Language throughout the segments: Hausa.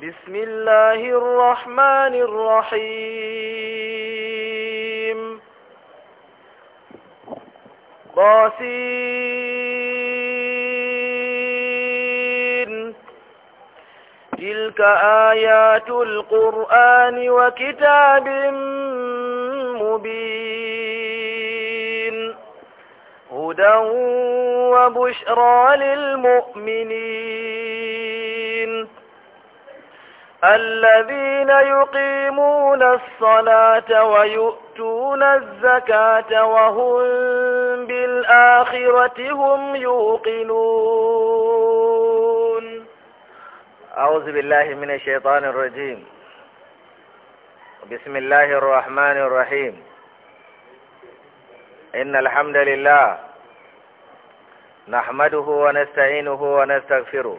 بسم الله الرحمن الرحيم قاسين تلك آيات القرآن وكتاب مبين هدى وبشرى للمؤمنين الذين يقيمون الصلاة ويؤتون الزكاة وهم بالآخرة هم يوقنون أعوذ بالله من الشيطان الرجيم بسم الله الرحمن الرحيم إن الحمد لله نحمده ونستعينه ونستغفره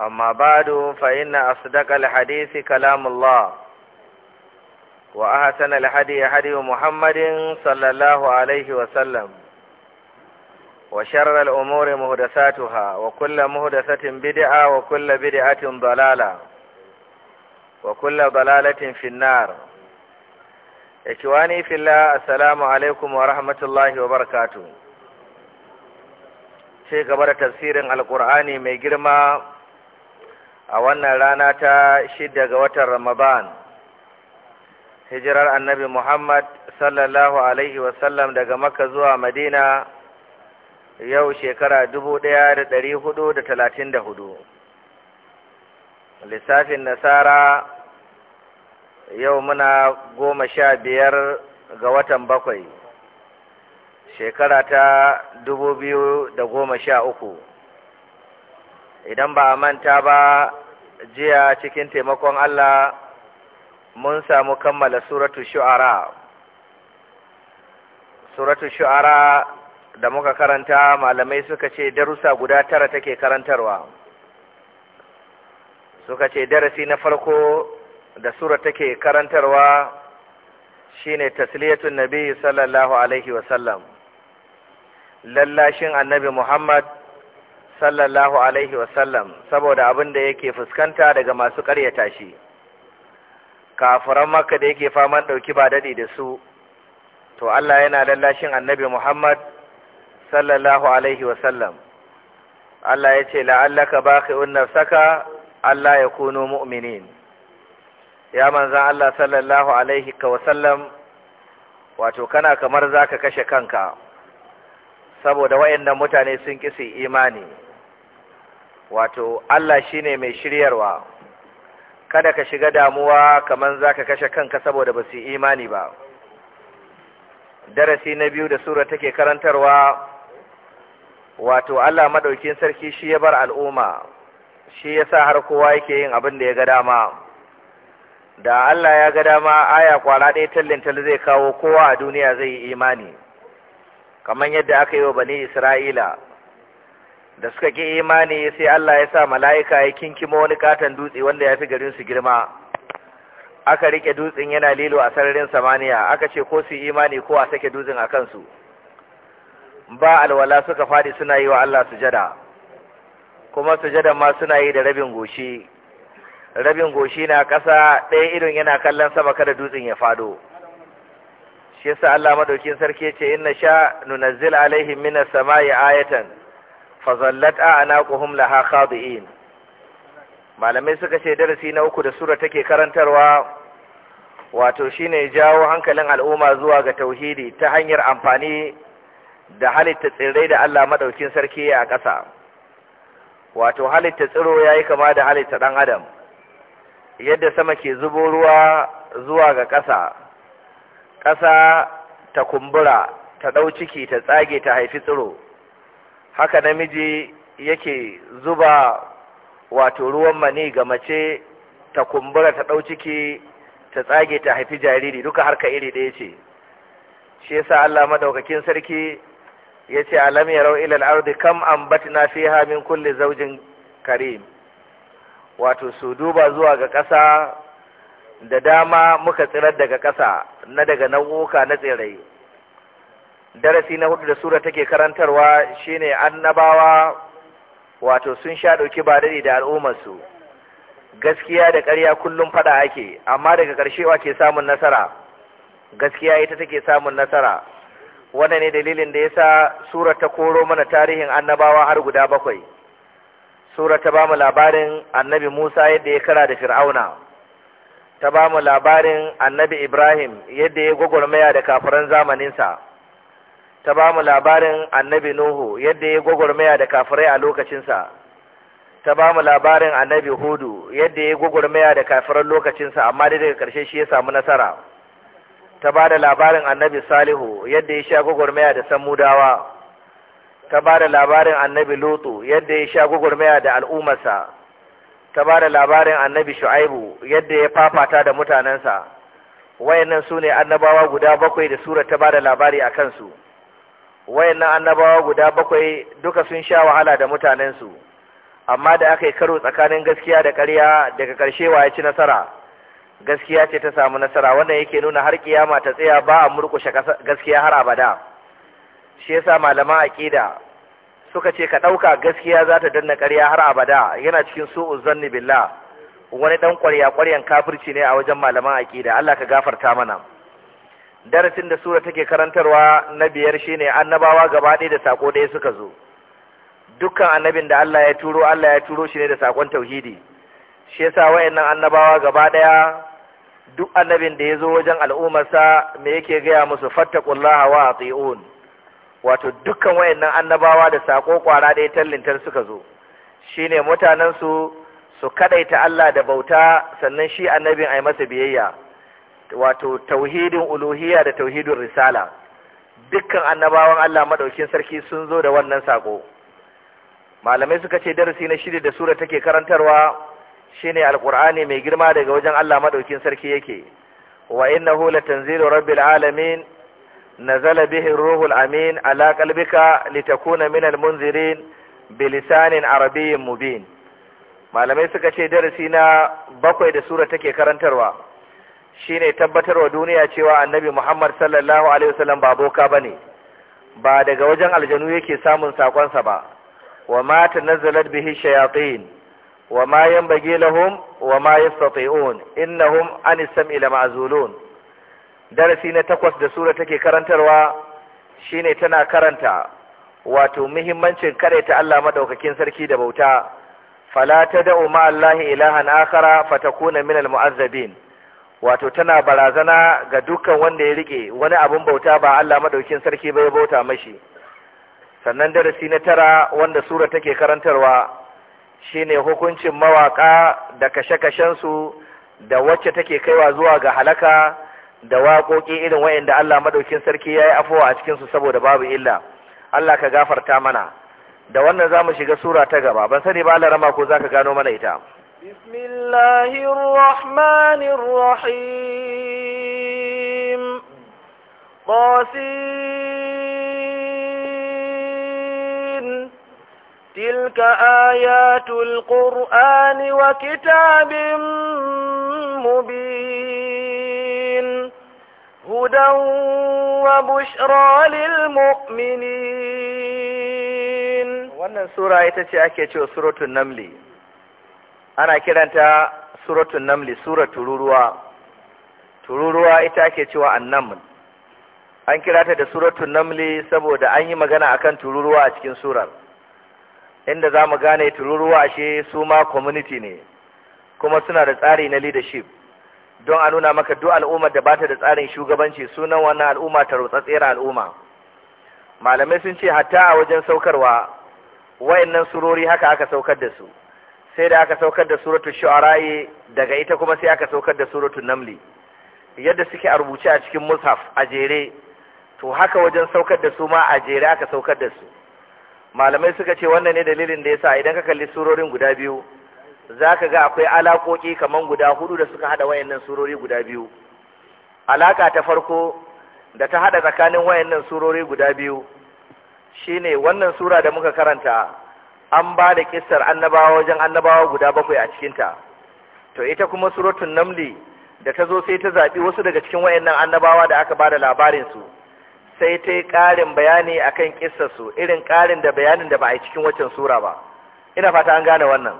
أما بعد فإن أصدق الحديث كلام الله وأحسن الحدي حدي محمد صلى الله عليه وسلم وشر الأمور مهدساتها وكل مهدسة بدعة وكل بدعة ضلالة وكل ضلالة في النار إخواني في الله السلام عليكم ورحمة الله وبركاته شيء قبل تفسير القرآن ميجرما a wannan rana ta shida ga watan Ramadan hijirar annabi Muhammad sallallahu alaihi wasallam daga Makka zuwa Madina yau shekara dubu ɗaya da ɗari hudu da talatin da hudu lissafin nasara yau muna goma sha biyar ga watan bakwai shekara ta dubu biyu da goma sha uku idan ba a manta ba jiya cikin taimakon Allah mun samu kammala suratu shu'ara suratu shu'ara da muka karanta malamai suka ce darussa guda tara take karantarwa suka ce darasi na farko da sura take karantarwa shine tasliyatun nabi sallallahu alaihi wasallam lallashin annabi Muhammad sallallahu alaihi wasallam saboda abin da yake fuskanta daga masu karyata shi Kafuran makka da yake faman ɗauki ba daɗi da su to Allah yana lallashin annabi Muhammad sallallahu alaihi wasallam Allah ya ce la'allaka baqi'un nafsaka Allah ya kunu mu'minin ya manzan Allah sallallahu alaihi wasallam wato kana kamar zaka kashe kanka saboda wayannan mutane sun kisi imani wato Allah shi ne mai shiryarwa kada ka shiga damuwa kamar za ka kashe kanka saboda ba basu imani ba darasi na biyu da sura take karantarwa wato Allah madaukin sarki shi ya bar al'umma shi ya sa har kowa yake yin abin da ya ga dama da Allah ya ga dama aya kwara ɗaya tallintal zai kawo kowa a duniya zai yi imani kamar yadda aka yi wa bani Isra'ila da suka ki imani sai Allah ya sa mala'ika ya kinkimo wani katon dutse wanda ya fi garin su girma aka rike dutsen yana lilo a sararin samaniya aka ce ko su imani ko a sake dutsen a kansu ba alwala suka fadi suna yi wa Allah sujada kuma sujadan ma suna yi da rabin goshi rabin goshi na ƙasa ɗaya irin yana kallon sama kada dutsen ya fado shi yasa Allah madaukin sarki ya ce inna sha nunazzil alaihim minas sama'i ayatan fazallat a'naquhum laha khadi'in malamai suka ce darasi na uku da sura take karantarwa wato shine jawo hankalin al'umma zuwa ga tauhidi ta hanyar amfani da halitta tsirrai da Allah maɗaukin sarki a ƙasa wato halitta tsiro ya yi kama da halitta ɗan adam yadda sama ke zubo ruwa zuwa ga ƙasa ƙasa ta kumbura ta ɗau ciki ta tsage ta haifi tsiro haka namiji yake zuba wato ruwan mani ga mace ta kumbura ta ɗau ciki ta tsage ta haifi jariri duka harka iri ɗaya ce shi yasa Allah madaukakin sarki yace alam yarau ila al-ardi kam ambatna fiha min kulli zawjin karim wato su duba zuwa ga ƙasa da dama muka tsirar daga ƙasa na daga nau'uka na tsirai darasi na hudu da sura take karantarwa shine annabawa wato sun sha dauki ba dare da al'ummarsu gaskiya da ƙarya kullum fada ake amma daga ƙarshe wa ke samun nasara gaskiya ita take samun nasara wannan ne dalilin da yasa sura ta koro mana tarihin annabawa har guda bakwai sura ta bamu labarin annabi Musa yadda ya kara da Fir'auna ta bamu labarin annabi Ibrahim yadda ya gwagwarmaya da kafiran zamaninsa ta ba mu labarin annabi Nuhu yadda ya gwagwarmaya da kafirai a lokacinsa, ta ba mu labarin annabi Hudu yadda ya gwagwarmaya da kafiran lokacinsa amma dai daga ƙarshe shi ya samu nasara, ta ba da labarin annabi Salihu yadda ya sha gwagwarmaya da Samudawa, ta ba da labarin annabi Lutu yadda ya sha gwagwarmaya da al'ummarsa, ta ba da labarin annabi Shu'aibu yadda ya fafata da mutanensa. wayannan su ne annabawa guda bakwai da sura ta ba da labari a kansu. wayannan annabawa guda bakwai duka sun sha wahala da mutanensu amma da aka yi karo tsakanin gaskiya da ƙarya daga ƙarshe wa ya ci nasara gaskiya ce ta samu nasara wannan yake nuna har kiyama ta tsaya ba a murƙushe gaskiya har abada shi yasa malaman aqida suka ce ka ɗauka gaskiya za ta danna ƙarya har abada yana cikin su'u zanni billah wani ɗan ƙwarya ƙwaryan kafirci ne a wajen malaman aƙida, Allah ka gafarta mana darasin da sura take karantarwa na biyar shine annabawa gaba ɗaya da sako ɗaya suka zo dukkan annabin da Allah ya turo Allah ya turo shi ne da sakon tauhidi shi yasa wayannan annabawa gaba ɗaya duk annabin da ya zo wajen al'ummarsa me yake gaya musu fattaqullaha wa ati'un wato dukkan wayannan annabawa da sako kwara ɗaya tallintar suka zo shine mutanen su su kadaita Allah da bauta sannan shi annabin ai masa biyayya wato tauhidin uluhiyya da tauhidin risala dukkan annabawan Allah madaukin sarki sun zo da wannan sako malamai suka ce darasi na shida da sura take karantarwa shine alqur'ani mai girma daga wajen Allah madaukin sarki yake wa innahu latanzilu rabbil alamin nazala bihi ruhul amin ala qalbika litakuna minal munzirin bilisanin arabiyyin mubin malamai suka ce darasi na bakwai da sura take karantarwa shine wa duniya cewa annabi Muhammad sallallahu alaihi wasallam ba boka bane ba daga wajen aljanu yake samun sakonsa ba wa ma tanazzalat bihi shayatin wa ma yanbaghi lahum wa ma yastati'un innahum anis sam'i lama'zulun darasi na takwas da sura take karantarwa shine tana karanta wato muhimmancin ta Allah madaukakin sarki da bauta fala tad'u ma Allah ilahan akhara fatakuna minal mu'azzabin wato tana barazana ga dukkan wanda ya rike wani abin bauta ba Allah madaukin sarki bai bauta mashi sannan darasi na tara wanda sura take karantarwa shine hukuncin mawaka da kashe su da wacce take kaiwa zuwa ga halaka da waƙoƙi irin wayanda Allah madaukin sarki ya yi afuwa a cikin su saboda babu illa Allah ka gafarta mana da wannan za mu shiga sura ta gaba ban sani ba Allah rama ko za ka gano mana ita بسم الله الرحمن الرحيم قاسين تلك آيات القرآن وكتاب مبين هدى وبشرى للمؤمنين وانا سورة ايتا ce ake ana kiranta suratun namli sura tururuwa tururuwa ita ake cewa annaml an kirata da suratun namli saboda an yi magana akan tururuwa a cikin surar inda za mu gane tururuwa ashe su ma community ne kuma suna da tsari na leadership don a nuna maka duk al'ummar da ba ta da tsarin shugabanci sunan wannan al'umma ta rotsatsera al'umma malamai sun ce hatta a wajen saukarwa wayannan surori haka aka saukar da su sai da aka saukar da suratu shu'ara'i daga ita kuma sai aka saukar da suratu namli yadda suke a rubuce a cikin mushaf a jere to haka wajen saukar da su ma a jere aka saukar da su malamai suka ce wannan ne dalilin da yasa idan ka kalli surorin guda biyu zaka ga akwai alakoki kaman guda hudu da suka hada wayannan surori guda biyu alaka ta farko da ta hada tsakanin wayannan surori guda biyu shine wannan sura da muka karanta an ba da kissar annabawa wajen annabawa guda bakwai a cikinta to ita kuma suratun namli da ta zo sai ta zaɓi wasu daga cikin wa'annan annabawa da aka ba da labarinsu sai ta yi ƙarin bayani a kan kistarsu, irin ƙarin da bayanin da ba a yi cikin waccan sura ba ina fata an gane wannan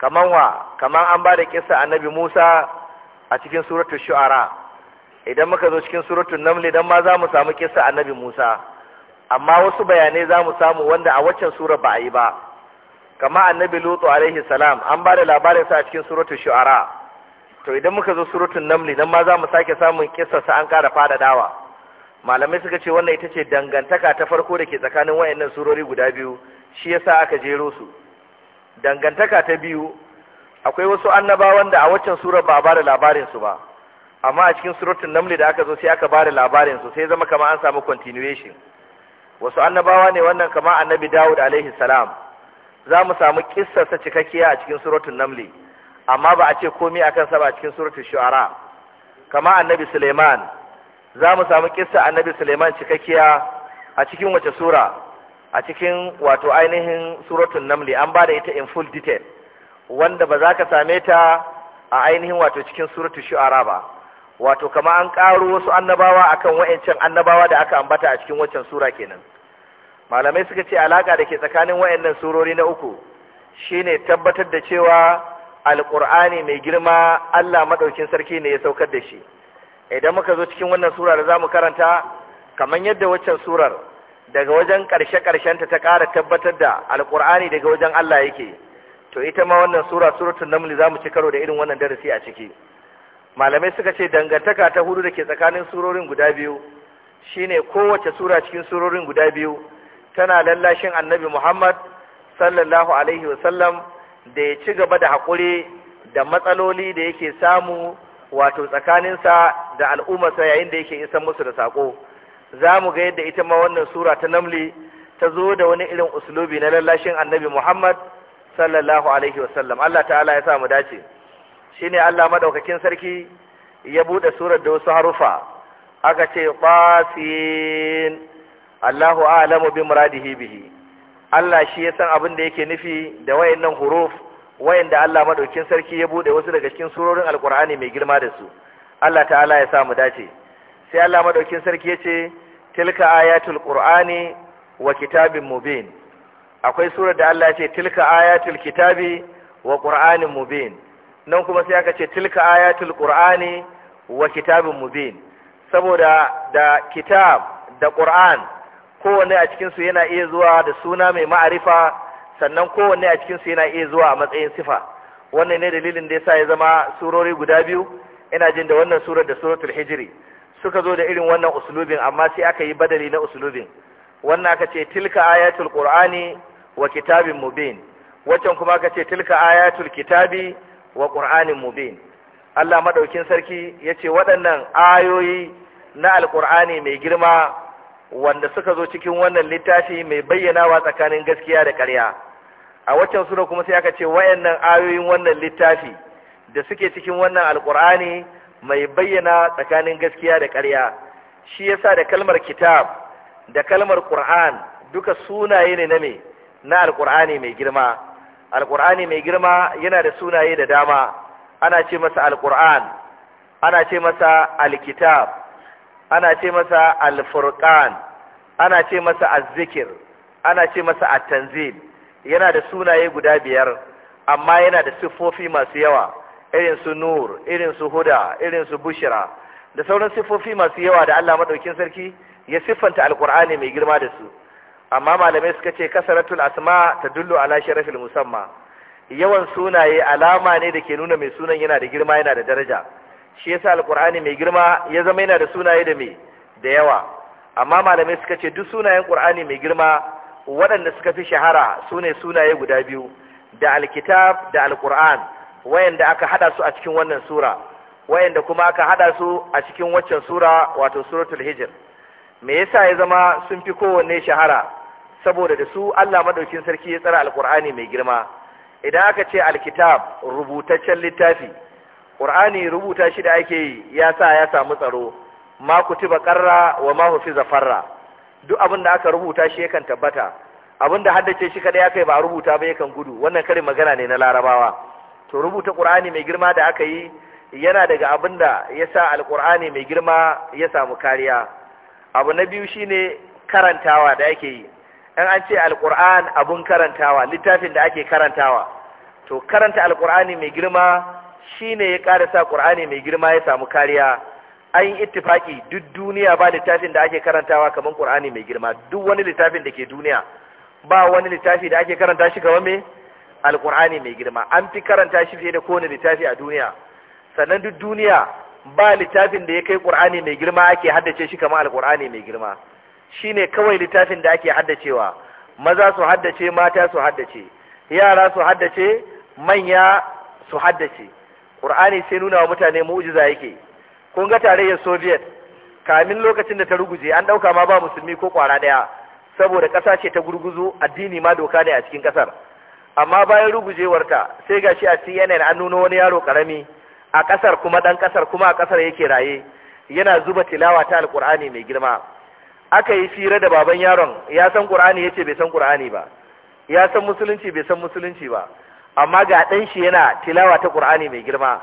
kaman wa kaman an ba da ƙissa annabi musa a cikin suratun shu'ara idan muka zo cikin suratun namli dan ma za mu samu ƙissa annabi musa amma wasu bayanai za mu samu wanda a waccan sura ba a yi ba kama annabi lutu alaihi salam an ba da labarin sa a cikin suratul shu'ara to idan muka zo suratul namli nan ma za mu sake samun sa an kara fada dawa malamai suka ce wannan ita ce dangantaka ta farko da ke tsakanin wayannan surori guda biyu shi yasa aka jero su dangantaka ta biyu akwai wasu annabawan da a waccan surar ba a bada labarin su ba amma a cikin suratul namli da aka zo sai aka ba da labarin su sai zama kamar an samu continuation wasu annabawa ne wannan kama annabi Dawud alaihi salam za mu samu kissarsa cikakkiya a cikin suratul namli amma ba a ce komai akan sa ba a cikin suratul shu'ara kama annabi Suleiman za mu samu kissa annabi Suleiman cikakkiya a cikin wace sura a cikin wato ainihin suratul namli an bada ita in full detail wanda ba za ka same ta a ainihin wato cikin suratul shu'ara ba wato kama an karo wasu annabawa akan wa'ancan annabawa da aka ambata a cikin waccan sura kenan malamai suka ce alaka da ke tsakanin wa'annan surori na uku shine tabbatar da cewa alƙur'ani mai girma Allah maɗaukin sarki ne ya saukar da shi idan muka zo cikin wannan sura da zamu karanta kamar yadda waccan surar daga wajen ƙarshe ƙarshenta ta ƙara tabbatar da alƙur'ani daga wajen Allah yake to ita ma wannan sura suratul naml zamu ci karo da irin wannan darasi a ciki malamai suka ce dangantaka ta hudu da ke tsakanin surorin guda biyu shine kowace sura cikin surorin guda biyu tana lallashin annabi Muhammad sallallahu alaihi wasallam da ya ci gaba da haƙuri da matsaloli da yake samu wato tsakaninsa da al'ummarsa yayin da yake isan musu da saƙo za mu ga yadda ita ma wannan sura ta namli ta zo da wani irin uslubi na lallashin annabi Muhammad sallallahu alaihi wasallam Allah ta'ala ya sa mu dace shine Allah madaukakin sarki ya buɗe surar da wasu harufa aka ce qasin Allahu a'lamu bi muradihi bihi Allah shi ya san abin da yake nufi da wayannan huruf wayanda Allah madaukakin sarki ya buɗe wasu daga cikin surorin alqur'ani mai girma da su Allah ta'ala ya sa mu dace sai Allah madaukakin sarki ya ce tilka ayatul qur'ani wa kitabin mubin akwai surar da Allah ya ce tilka ayatul kitabi wa qur'anin mubin nan kuma sai aka ce tilka ayatul qur'ani wa kitabun mubin saboda da kitab da qur'an kowanne a cikin su yana iya zuwa da suna mai ma'arifa sannan kowanne a cikin su yana iya zuwa a matsayin sifa wannan ne dalilin da yasa ya zama surori guda biyu ina jin da wannan surar da suratul hijri suka zo da irin wannan uslubin amma sai aka yi badali na uslubin. wannan aka ce tilka ayatul qur'ani wa kitabin mubin Wancan kuma aka ce tilka ayatul kitabi wa ƙur'anin mubin Allah maɗaukin sarki ya ce waɗannan ayoyi na alƙur'ani mai girma wanda suka zo cikin wannan littafi mai bayyanawa tsakanin gaskiya da ƙarya a waccan sura kuma sai aka ce wayannan ayoyin wannan littafi da suke cikin wannan alƙur'ani mai bayyana tsakanin gaskiya da ƙarya shi yasa da kalmar kitab da kalmar ƙur'an duka sunaye ne na me na alƙur'ani mai girma Alƙur'ani mai girma yana da sunaye da dama ana ce masa Alƙur'an, ana ce masa alkitab ana ce masa alfurqan ana ce masa azzikir ana ce masa at yana da sunaye guda biyar amma yana da siffofi masu yawa irin su nur irin su huda irin su bushira da sauran sifofi masu yawa da Allah madaukin sarki ya siffanta Alƙur'ani mai girma da su amma malamai suka ce kasaratul asma ta dullu ala sharafil musamma yawan sunaye alama ne da ke nuna mai sunan yana da girma yana da daraja shi yasa alqur'ani mai girma ya zama yana da sunaye da me da yawa amma malamai suka ce duk sunayen qur'ani mai girma waɗanda suka fi shahara sune sunaye guda biyu da alkitab da alqur'an wayanda aka hada su a cikin wannan sura wayanda kuma aka hada su a cikin waccan sura wato suratul hijr me yasa ya zama sun fi kowanne shahara saboda da su Allah madaukin sarki ya tsara alkur'ani mai girma idan aka ce alkitab rubutaccen littafi qur'ani rubuta shi da ake yi ya sa ya samu tsaro ma kutiba qarra wa ma hufiza farra duk abin da aka rubuta shi yakan tabbata abin da haddace shi kada ya kai ba rubuta ba yakan gudu wannan karin magana ne na larabawa to rubuta qur'ani mai girma da aka yi yana daga abin da ya sa alkur'ani mai girma ya samu kariya abu na biyu shine karantawa da ake yi in an ce alkur'an abun karantawa littafin da ake karantawa to karanta alkur'ani mai girma shine ya sa ƙur'ani mai girma ya samu kariya an yi ittifaki duk duniya ba littafin da ake karantawa kamar ƙur'ani mai girma duk wani littafin da ke duniya ba wani littafi da ake karanta shi kamar me alƙur'ani mai girma an fi karanta shi fiye da kowane littafi a duniya sannan duk duniya ba littafin da ya kai ƙur'ani mai girma ake haddace shi kamar alƙur'ani mai girma shine kawai littafin da ake haddacewa maza su haddace mata su haddace yara su haddace manya su haddace ƙur'ani sai nuna wa mutane mu'jiza yake kun ga tarayyar soviet kamin lokacin da ta ruguje an ɗauka ma ba musulmi ko ƙwara ɗaya saboda ƙasa ce ta gurguzu addini ma doka ne a cikin ƙasar amma bayan rugujewarta sai gashi a cnn an nuna wani yaro ƙarami a ƙasar kuma ɗan ƙasar kuma a ƙasar yake raye yana zuba tilawa ta alƙur'ani mai girma aka yi fira da baban yaron ya san qur'ani yace bai san qur'ani ba ya san musulunci bai san musulunci ba amma ga dan shi yana tilawa ta qur'ani mai girma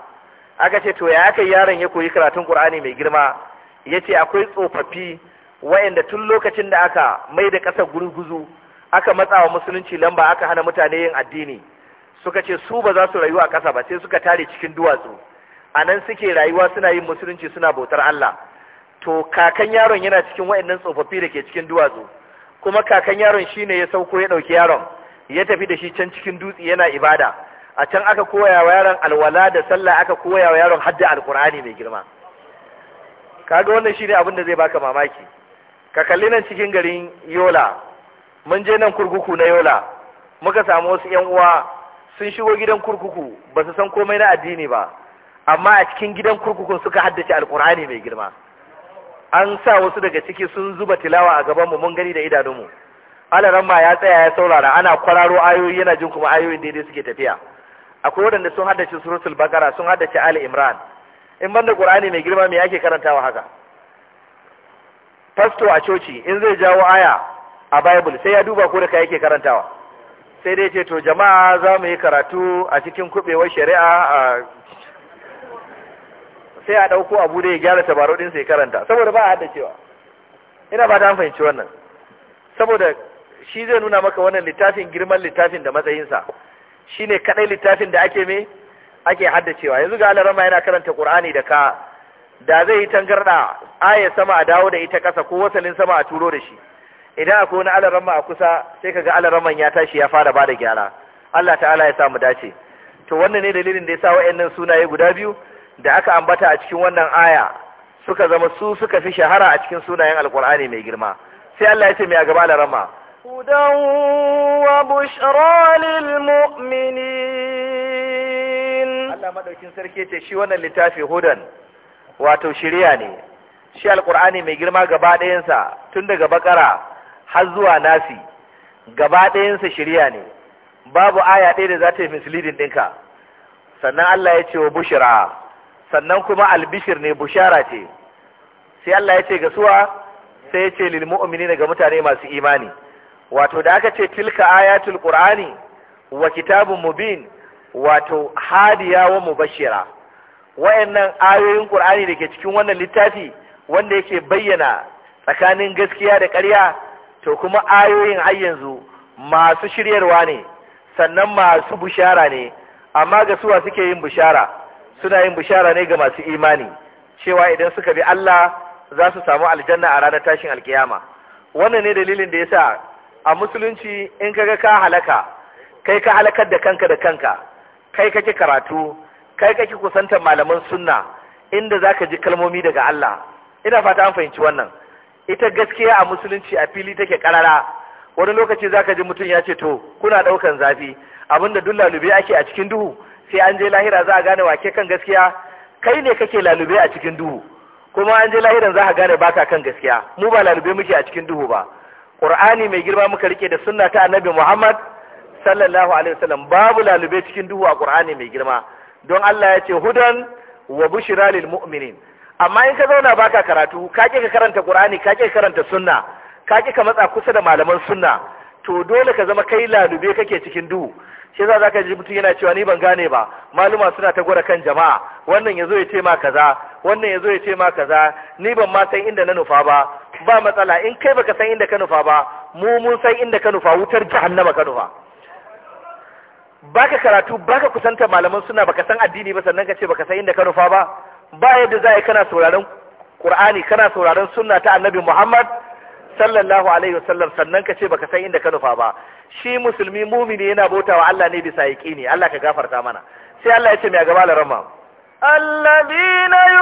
aka ce to ya aka yaron ya koyi karatun qur'ani mai girma yace akwai tsofaffi waɗanda tun lokacin da aka mai da ƙasa gurguzu aka matsa wa musulunci lamba aka hana mutane yin addini suka ce su ba za su rayu a ƙasa ba sai suka tare cikin duwatsu a nan suke rayuwa suna yin musulunci suna bautar Allah to kakan yaron yana cikin wa'annan tsofaffi da ke cikin duwatsu kuma kakan yaron shine ya sauko ya ɗauki yaron ya tafi da shi can cikin dutse yana ibada a can aka koya wa yaron alwala da sallah aka koya wa yaron hadda alkur'ani mai girma kaga wannan shine abin da zai baka mamaki ka kalli nan cikin garin yola mun je nan kurkuku na yola muka samu wasu yan uwa sun shigo gidan kurkuku ba su san komai na addini ba amma a cikin gidan kurkukun suka haddace alkur'ani mai girma an sa wasu daga ciki sun zuba tilawa a gabanmu mun gani da idanunmu alaran Ramma ya tsaya ya saurara ana kwararo ayoyi yana jin kuma ayoyin daidai suke tafiya akwai waɗanda sun haddace suratul bakara sun haddace ali imran in banda qur'ani mai girma me yake karantawa haka fasto a coci in zai jawo aya a bible sai ya duba ko da kai yake karantawa sai dai ce to jama'a za mu yi karatu a cikin kubewar shari'a a sai a ɗauko abu da ya gyara tabarau ɗin sai karanta saboda ba a haɗa cewa ina ba ta fahimci wannan saboda shi zai nuna maka wannan littafin girman littafin da matsayinsa shine kadai littafin da ake me ake haddacewa yanzu ga alarama yana karanta qur'ani da ka da zai yi tangarda aya sama a dawo da ita kasa ko wasalin sama a turo da shi idan akwai wani alarama a kusa sai kaga alaraman ya tashi ya fara bada gyara Allah ta'ala ya sa mu dace to wannan ne dalilin da yasa wayannan sunaye guda biyu da aka ambata a cikin wannan aya suka zama su suka fi shahara a cikin sunayen alkur'ani mai girma sai Allah ya ce mai a gaba larama hudan wa bushra lil mu'minin Allah madaukin sarki ce shi wannan littafi hudan wato shiriya ne shi alkur'ani mai girma gaba ɗayansa tun daga bakara har zuwa nasi gaba ɗayansa shiriya ne babu aya ɗaya da za ta yi misleading ɗinka sannan Allah ya ce wa bushira. sannan kuma albishir ne bushara ce sai Allah ya ce ga suwa sai ya ce lil mu'minina mutane masu imani wato da aka ce tilka ayatul qur'ani wa kitabun mubin wato hadiya wa mubashira wayannan ayoyin qur'ani da ke cikin wannan littafi wanda yake bayyana tsakanin gaskiya da ƙarya to kuma ayoyin har yanzu masu shiryarwa ne sannan masu bushara ne amma ga suwa suke yin bushara suna yin bishara ne ga masu imani cewa idan suka bi Allah za su samu aljanna a ranar tashin alkiyama wannan ne dalilin da yasa a musulunci in kaga ka halaka kai ka halakar da kanka da kanka kai kake karatu kai kake kusantar malaman sunna inda zaka ji kalmomi daga Allah ina fata an fahimci wannan ita gaskiya a musulunci a fili take karara wani lokaci zaka ji mutum ya ce to kuna daukan zafi abinda duk ake a cikin duhu sai an je lahira za a gane wake kan gaskiya kai ne kake lalube a cikin duhu kuma an je lahiran za a gane baka kan gaskiya mu ba lalube muke a cikin duhu ba qur'ani mai girma muka rike da sunna ta annabi muhammad sallallahu alaihi wasallam babu lalube cikin duhu a qur'ani mai girma don Allah ya ce hudan wa bushira lil mu'minin amma in ka zauna baka karatu ka ka karanta qur'ani ka ka karanta sunna ka ka matsa kusa da malaman sunna to dole ka zama kai lalube kake cikin duhu shi za zaka ji mutum yana cewa ni ban gane ba maluma suna ta gwada kan jama'a wannan yazo ya ce ma kaza wannan yazo ya ce ma kaza ni ban ma san inda na nufa ba ba matsala in kai baka san inda ka nufa ba mu mun san inda ka nufa wutar jahannama ka nufa baka karatu baka kusanta malaman suna baka san addini ba sannan ka ce baka san inda ka nufa ba ba yadda za kana sauraron Qur'ani kana sauraron sunna ta Annabi Muhammad sallallahu alaihi wasallam sannan ka ce baka san inda ka nufa ba Shi musulmi mumin ne yana bautawa Allah ne bisa sa ƙini, Allah ka gafarta mana. Sai Allah ya ce me ya gabar da ramma? Alla zi na yi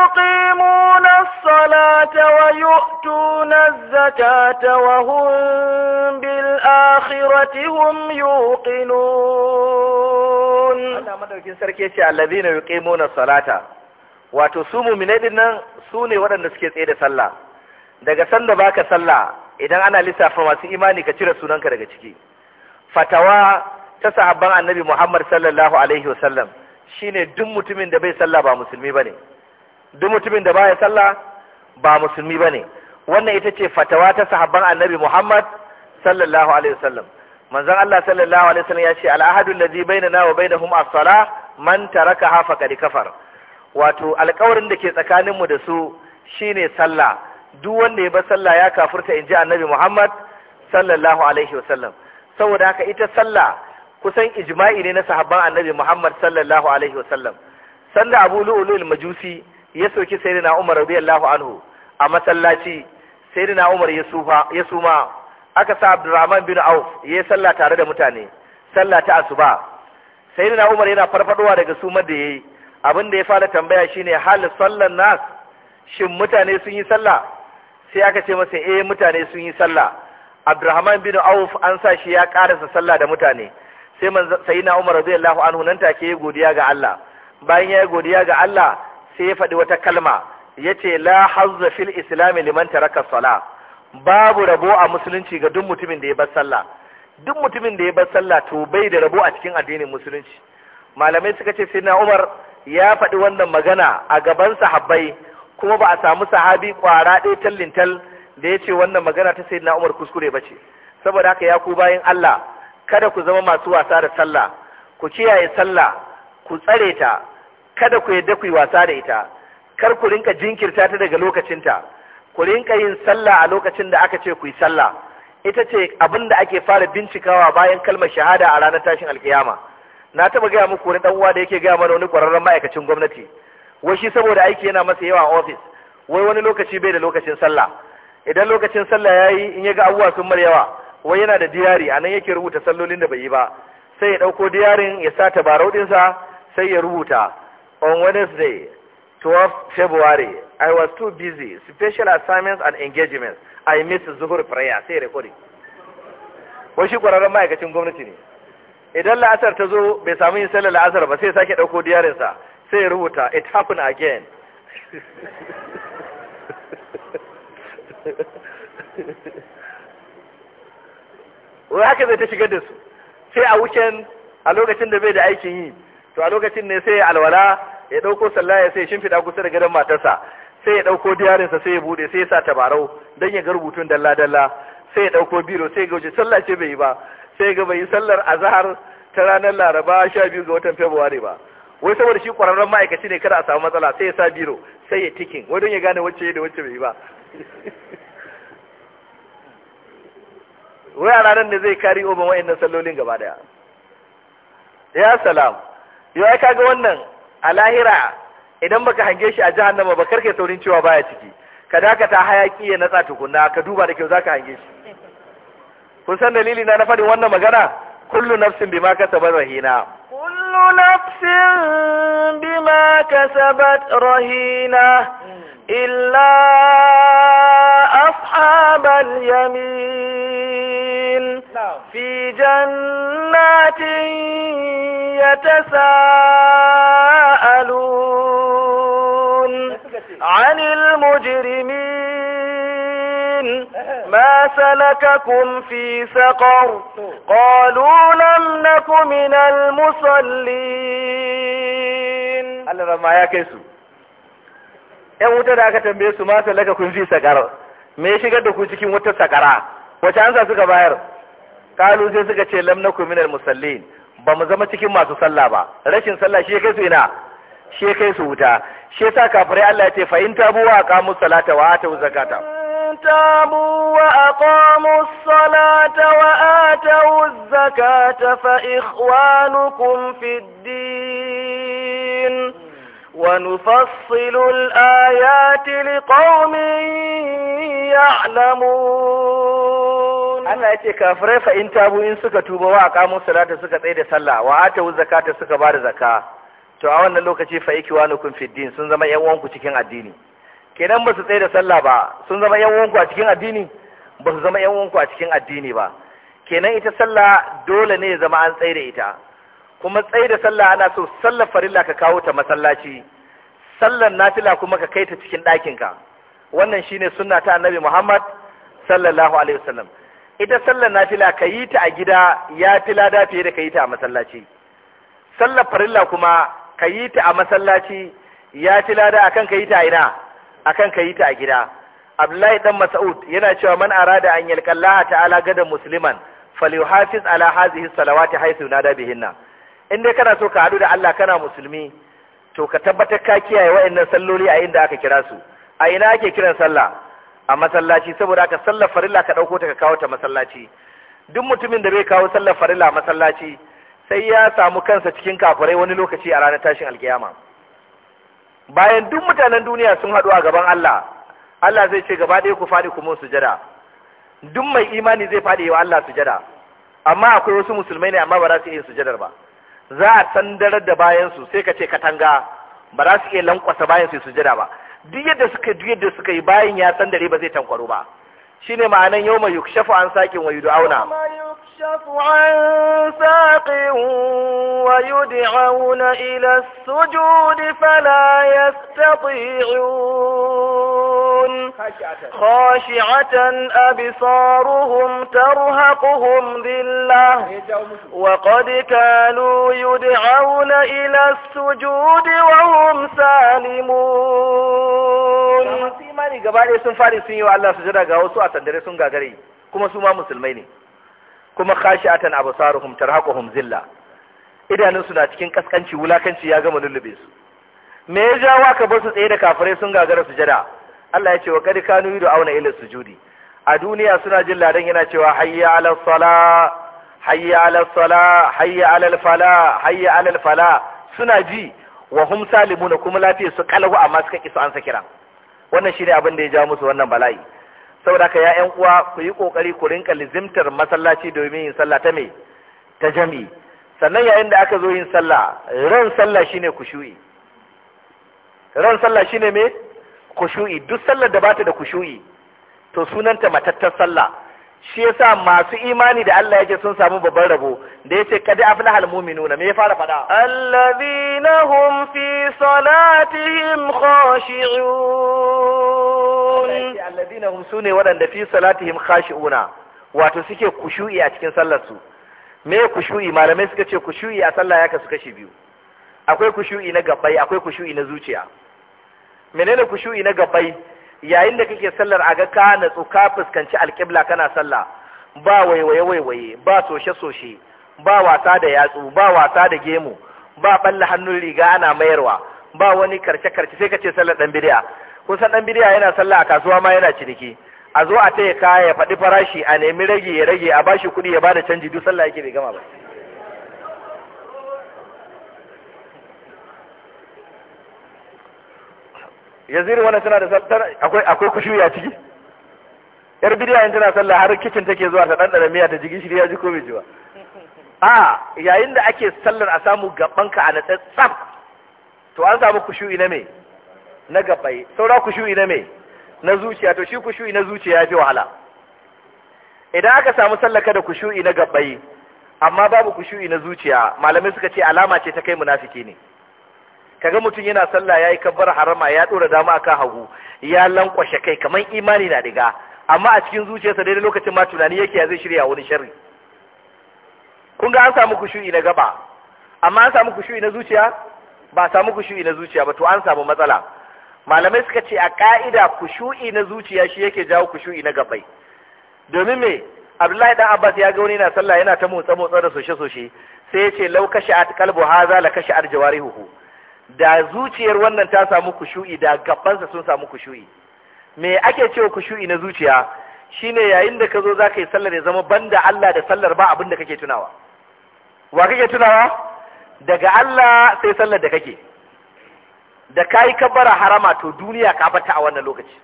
wa yurtun nazarta ta wahumbin akiratihun yuƙinun. Ana sarki ce "Allluhu na yuƙe wato su muminai dinnan su ne waɗanda suke tsaye da sallah, daga sanda baka sallah idan ana lissafa masu imani ka cire sunanka daga ciki. fatawa ta sahabban annabi Muhammad sallallahu alaihi wasallam shine duk mutumin da bai sallah ba musulmi bane duk mutumin da baya sallah ba musulmi bane wannan ita ce fatawa ta sahabban annabi Muhammad sallallahu alaihi wasallam manzon Allah sallallahu alaihi wasallam ya ce al-ahadu allazi bainana wa bainahum as-salah man tarakaha faqad kafar wato alƙawarin da ke tsakaninmu da su shine sallah duk wanda ya ba sallah ya kafurta inji annabi Muhammad sallallahu alaihi wasallam saboda haka ita sallah kusan ijma'i ne na sahabban annabi Muhammad sallallahu alaihi wasallam sanda Abu Lu'lu'il Majusi ya soki sayyidina Umar radiyallahu anhu a masallaci sayyidina Umar ya sufa ya suma aka sa Abdurrahman bin Auf yayi sallah tare da mutane sallah ta asuba sayyidina Umar yana farfadowa daga sumar da yayi abin da ya fara tambaya shine hal sallan nas shin mutane sun yi sallah sai aka ce masa eh mutane sun yi sallah Abdurrahman bin Auf an sa shi ya karasa sallah da mutane sai sayyidina Umar radiyallahu anhu nan take ya godiya ga Allah bayan ya godiya ga Allah sai ya faɗi wata kalma yace la hazza fil islam liman taraka salah babu rabo a musulunci ga duk mutumin da ya bar sallah duk mutumin da ya bar sallah to bai da rabo a cikin addinin musulunci malamai suka ce sayyidina Umar ya faɗi wannan magana a gaban sahabbai kuma ba a samu sahabi kwara ɗaya tallintal da ya ce wannan magana ta na Umar kuskure ba ce saboda haka ya ku bayan Allah kada ku zama masu wasa da sallah ku kiyaye sallah ku tsare ta kada ku yadda ku yi wasa da ita kar ku rinka jinkirta ta daga lokacinta ku rinka yin sallah a lokacin da aka ce ku yi sallah ita ce abin da ake fara bincikawa bayan kalmar shahada a ranar tashin alkiyama na taba gaya muku wani uwa da yake gaya mana wani ƙwararren ma'aikacin gwamnati wai shi saboda aiki yana masa yawa a ofis wai wani lokaci bai da lokacin sallah idan lokacin sallah ya yi in ya ga abubuwa sun mar yawa wai yana da diyari a nan yake rubuta sallolin da bai yi ba sai ya dauko diyarin ya sa tabarau dinsa sai ya rubuta on Wednesday 12 February I was too busy special assignments and engagements I missed zuhur prayer sai recording wai shi ƙwararren ma'aikacin gwamnati ne idan la'asar ta zo bai samu yin sallar la'asar ba sai ya sake dauko diyarinsa sai ya rubuta it happened again wai haka zai ta shiga da su sai a wucen a lokacin da bai da aikin yi to a lokacin ne sai alwala ya ɗauko sallah ya sai shimfiɗa kusa da gidan matarsa sai ya ɗauko diyarinsa sai ya bude sai ya sa tabarau don ya ga dalla-dalla sai ya ɗauko biro sai ya gauce sallah ce bai yi ba sai ga bai yi sallar azahar ta ranar laraba sha biyu ga watan february ba wai saboda shi ƙwararren ma'aikaci ne kada a samu matsala sai ya sa biro sai ya tikin wai don ya gane wacce da wacce bai yi ba wai a ranar da zai kari oban wa'annan sallolin gaba daya ya salam yau ka kaga wannan a lahira idan baka hange shi a nama ba karke saurin cewa baya ciki ka dakata hayaki ya natsa tukunna ka duba da kyau zaka hange shi kun san dalili na na faɗin wannan magana kullu nafsin ma kasabat rahina kullu nafsin ma kasabat rahina إلا أصحاب اليمين في جنات يتساءلون عن المجرمين ما سلككم في سقر قالوا لم نك من المصلين الله ما يكسب yan wuta da aka tambaye su ma laka kun fi sakar me ya shigar da ku cikin wata sakara wace ansa suka bayar kalu sai suka ce lam nakum minal musallin ba mu zama cikin masu sallah ba rashin sallah shi kai su ina shi kai su wuta shi yasa kafirai Allah ya ce fa in tabu wa aqamu salata wa atu zakata tabu wa aqamu salata wa atu zakata fa ikhwanukum fid din ونفصل الآيات لقوم يعلمون أنا ya كافر فإن تابوا in tabu in suka tuba wa aqamu salata suka الزكاة da sallah زكاة suka ba da zakka to a wannan lokaci fa ikwanukum fid din sun zama yan uwanku cikin addini kenan ba su tsaye da sallah ba sun zama yan uwanku a cikin addini ba su zama yan uwanku a cikin addini ba kenan ita sallah dole ne ya zama an tsaye da ita kuma tsaye da sallah ana so sallar farilla ka kawo ta masallaci sallar nafila kuma ka kai ta cikin ɗakinka wannan shine sunna ta annabi muhammad sallallahu alaihi wasallam ita sallar nafila ka yi ta a gida ya fi lada fiye da ka yi ta a masallaci sallar farilla kuma ka yi ta a masallaci ya fi lada akan ka yi ta a ina akan ka yi ta a gida abdullahi dan mas'ud yana cewa man arada an yalqalla ta'ala gadan musliman falyuhafiz ala hadhihi salawati haythu nada bihinna in dai kana so ka hadu da Allah kana musulmi to ka tabbatar ka kiyaye wa'annan salloli a inda aka kira su a ina ake kiran sallah a masallaci saboda ka sallar farilla ka dauko ta ka kawo ta masallaci duk mutumin da bai kawo sallar farilla masallaci sai ya samu kansa cikin kafirai wani lokaci a ranar tashin alkiyama bayan duk mutanen duniya sun haɗu a gaban Allah Allah zai ce gaba ɗaya ku faɗi kuma sujada duk mai imani zai faɗi wa Allah sujada amma akwai wasu musulmai ne amma ba za su iya sujadar ba za a sandarar da bayansu sai ka ce katanga ba za su iya lankwasa bayan su jira ba duk yadda suka duk yadda suka yi bayan ya sandare ba zai tankwaro ba shine ma'anan yawma yukshafu an saqin wa yud'auna يكشف عن ويدعون إلى السجود فلا يستطيعون خاشعة أبصارهم ترهقهم ذلة وقد كانوا يدعون إلى السجود وهم سالمون imani gaba ɗaya sun fari sun yi wa Allah sujada ga wasu a tandare sun gagare kuma su ma musulmai ne kuma khashi'atan absaruhum tarhaquhum zilla idanun su na cikin kaskanci wulakanci ya gama lullube su me ya ja aka ba su tsaye da kafirai sun gagara sujada Allah ya ce wa kad kanu yudu auna ila sujudi a duniya suna jin ladan yana cewa hayya ala sala hayya ala sala hayya ala fala hayya ala fala suna ji wa hum salimuna kuma lafiya su kalahu amma suka kisa an sa wannan shine abin da ya ja musu wannan bala'i saboda haka ya ƴan uwa ku yi kokari ku rinka lizimtar masallaci domin yin sallah ta me ta jami sannan yayin da aka zo yin sallah ran sallah shine kushu'i ran sallah shine me kushu'i duk sallar da bata da kushu'i to sunanta matattar sallah shi yasa masu imani da Allah yake sun samu babban rabo da yace kad aflahal mu'minuna me ya fara fada alladhina hum fi salatihim khashi'un alladhina hum sune wadanda fi salatihim khashi'una wato suke kushu'i a cikin sallar su me kushu'i malamai suka ce kushu'i a sallah ya kasu kashi biyu akwai kushu'i na gabbai akwai kushu'i na zuciya menene kushu'i na gabbai yayin da kake sallar a ga ka natsu ka fuskanci alƙibla kana sallah ba waiwaye waiwaye ba soshe soshe ba wasa da yatsu ba wasa da gemu ba balla hannun riga ana mayarwa ba wani karce karce sai kace ce sallar dan bidiya kun san dan bidiya yana sallah a kasuwa ma yana ciniki a zo a taya kaya ya faɗi farashi a nemi rage ya rage a bashi kuɗi ya bada canji duk sallah yake bai gama ba yanzu wannan suna da akwai akwai kushuyi a ciki yar bidiya in tana sallah har kitchen take zuwa ta ɗanɗana miya ta jigi shirya ji ko bai ji ba a yayin da ake sallar a samu gaban ka a na tsaf to an samu kushuyi na me na gabai saura kushuyi na me na zuciya to shi kushuyi na zuciya ya fi wahala idan aka samu sallaka da kushu'i na gabai amma babu kushu'i na zuciya malamai suka ce alama ce ta kai munafiki ne kaga mutum yana sallah yayi kabbar harama ya dora dama akan hagu ya lankwashe kai kamar imani na diga amma a cikin zuciyarsa daidai lokacin ma tunani yake zai shirya wani shari. kun ga an samu kushu'i na gaba amma an samu kushu'i na zuciya ba a samu kushu'i na zuciya ba to an samu matsala malamai suka ce a ka'ida kushu'i na zuciya shi yake jawo kushu'i na gabai domin me abdullahi dan abbas ya ga wani yana sallah yana ta motsa motsa da soshe soshe sai ya ce lau kashe at kalbu haza la kashe ar da zuciyar wannan ta samu kushu'i da gabansa sun samu kushu'i me ake cewa kushu'i na zuciya shine yayin da ka zo za ka yi sallar ya zama banda Allah da sallar ba abin da kake tunawa wa kake tunawa daga Allah sai sallar da kake da ka yi kabbara harama to duniya ka bata a wannan lokaci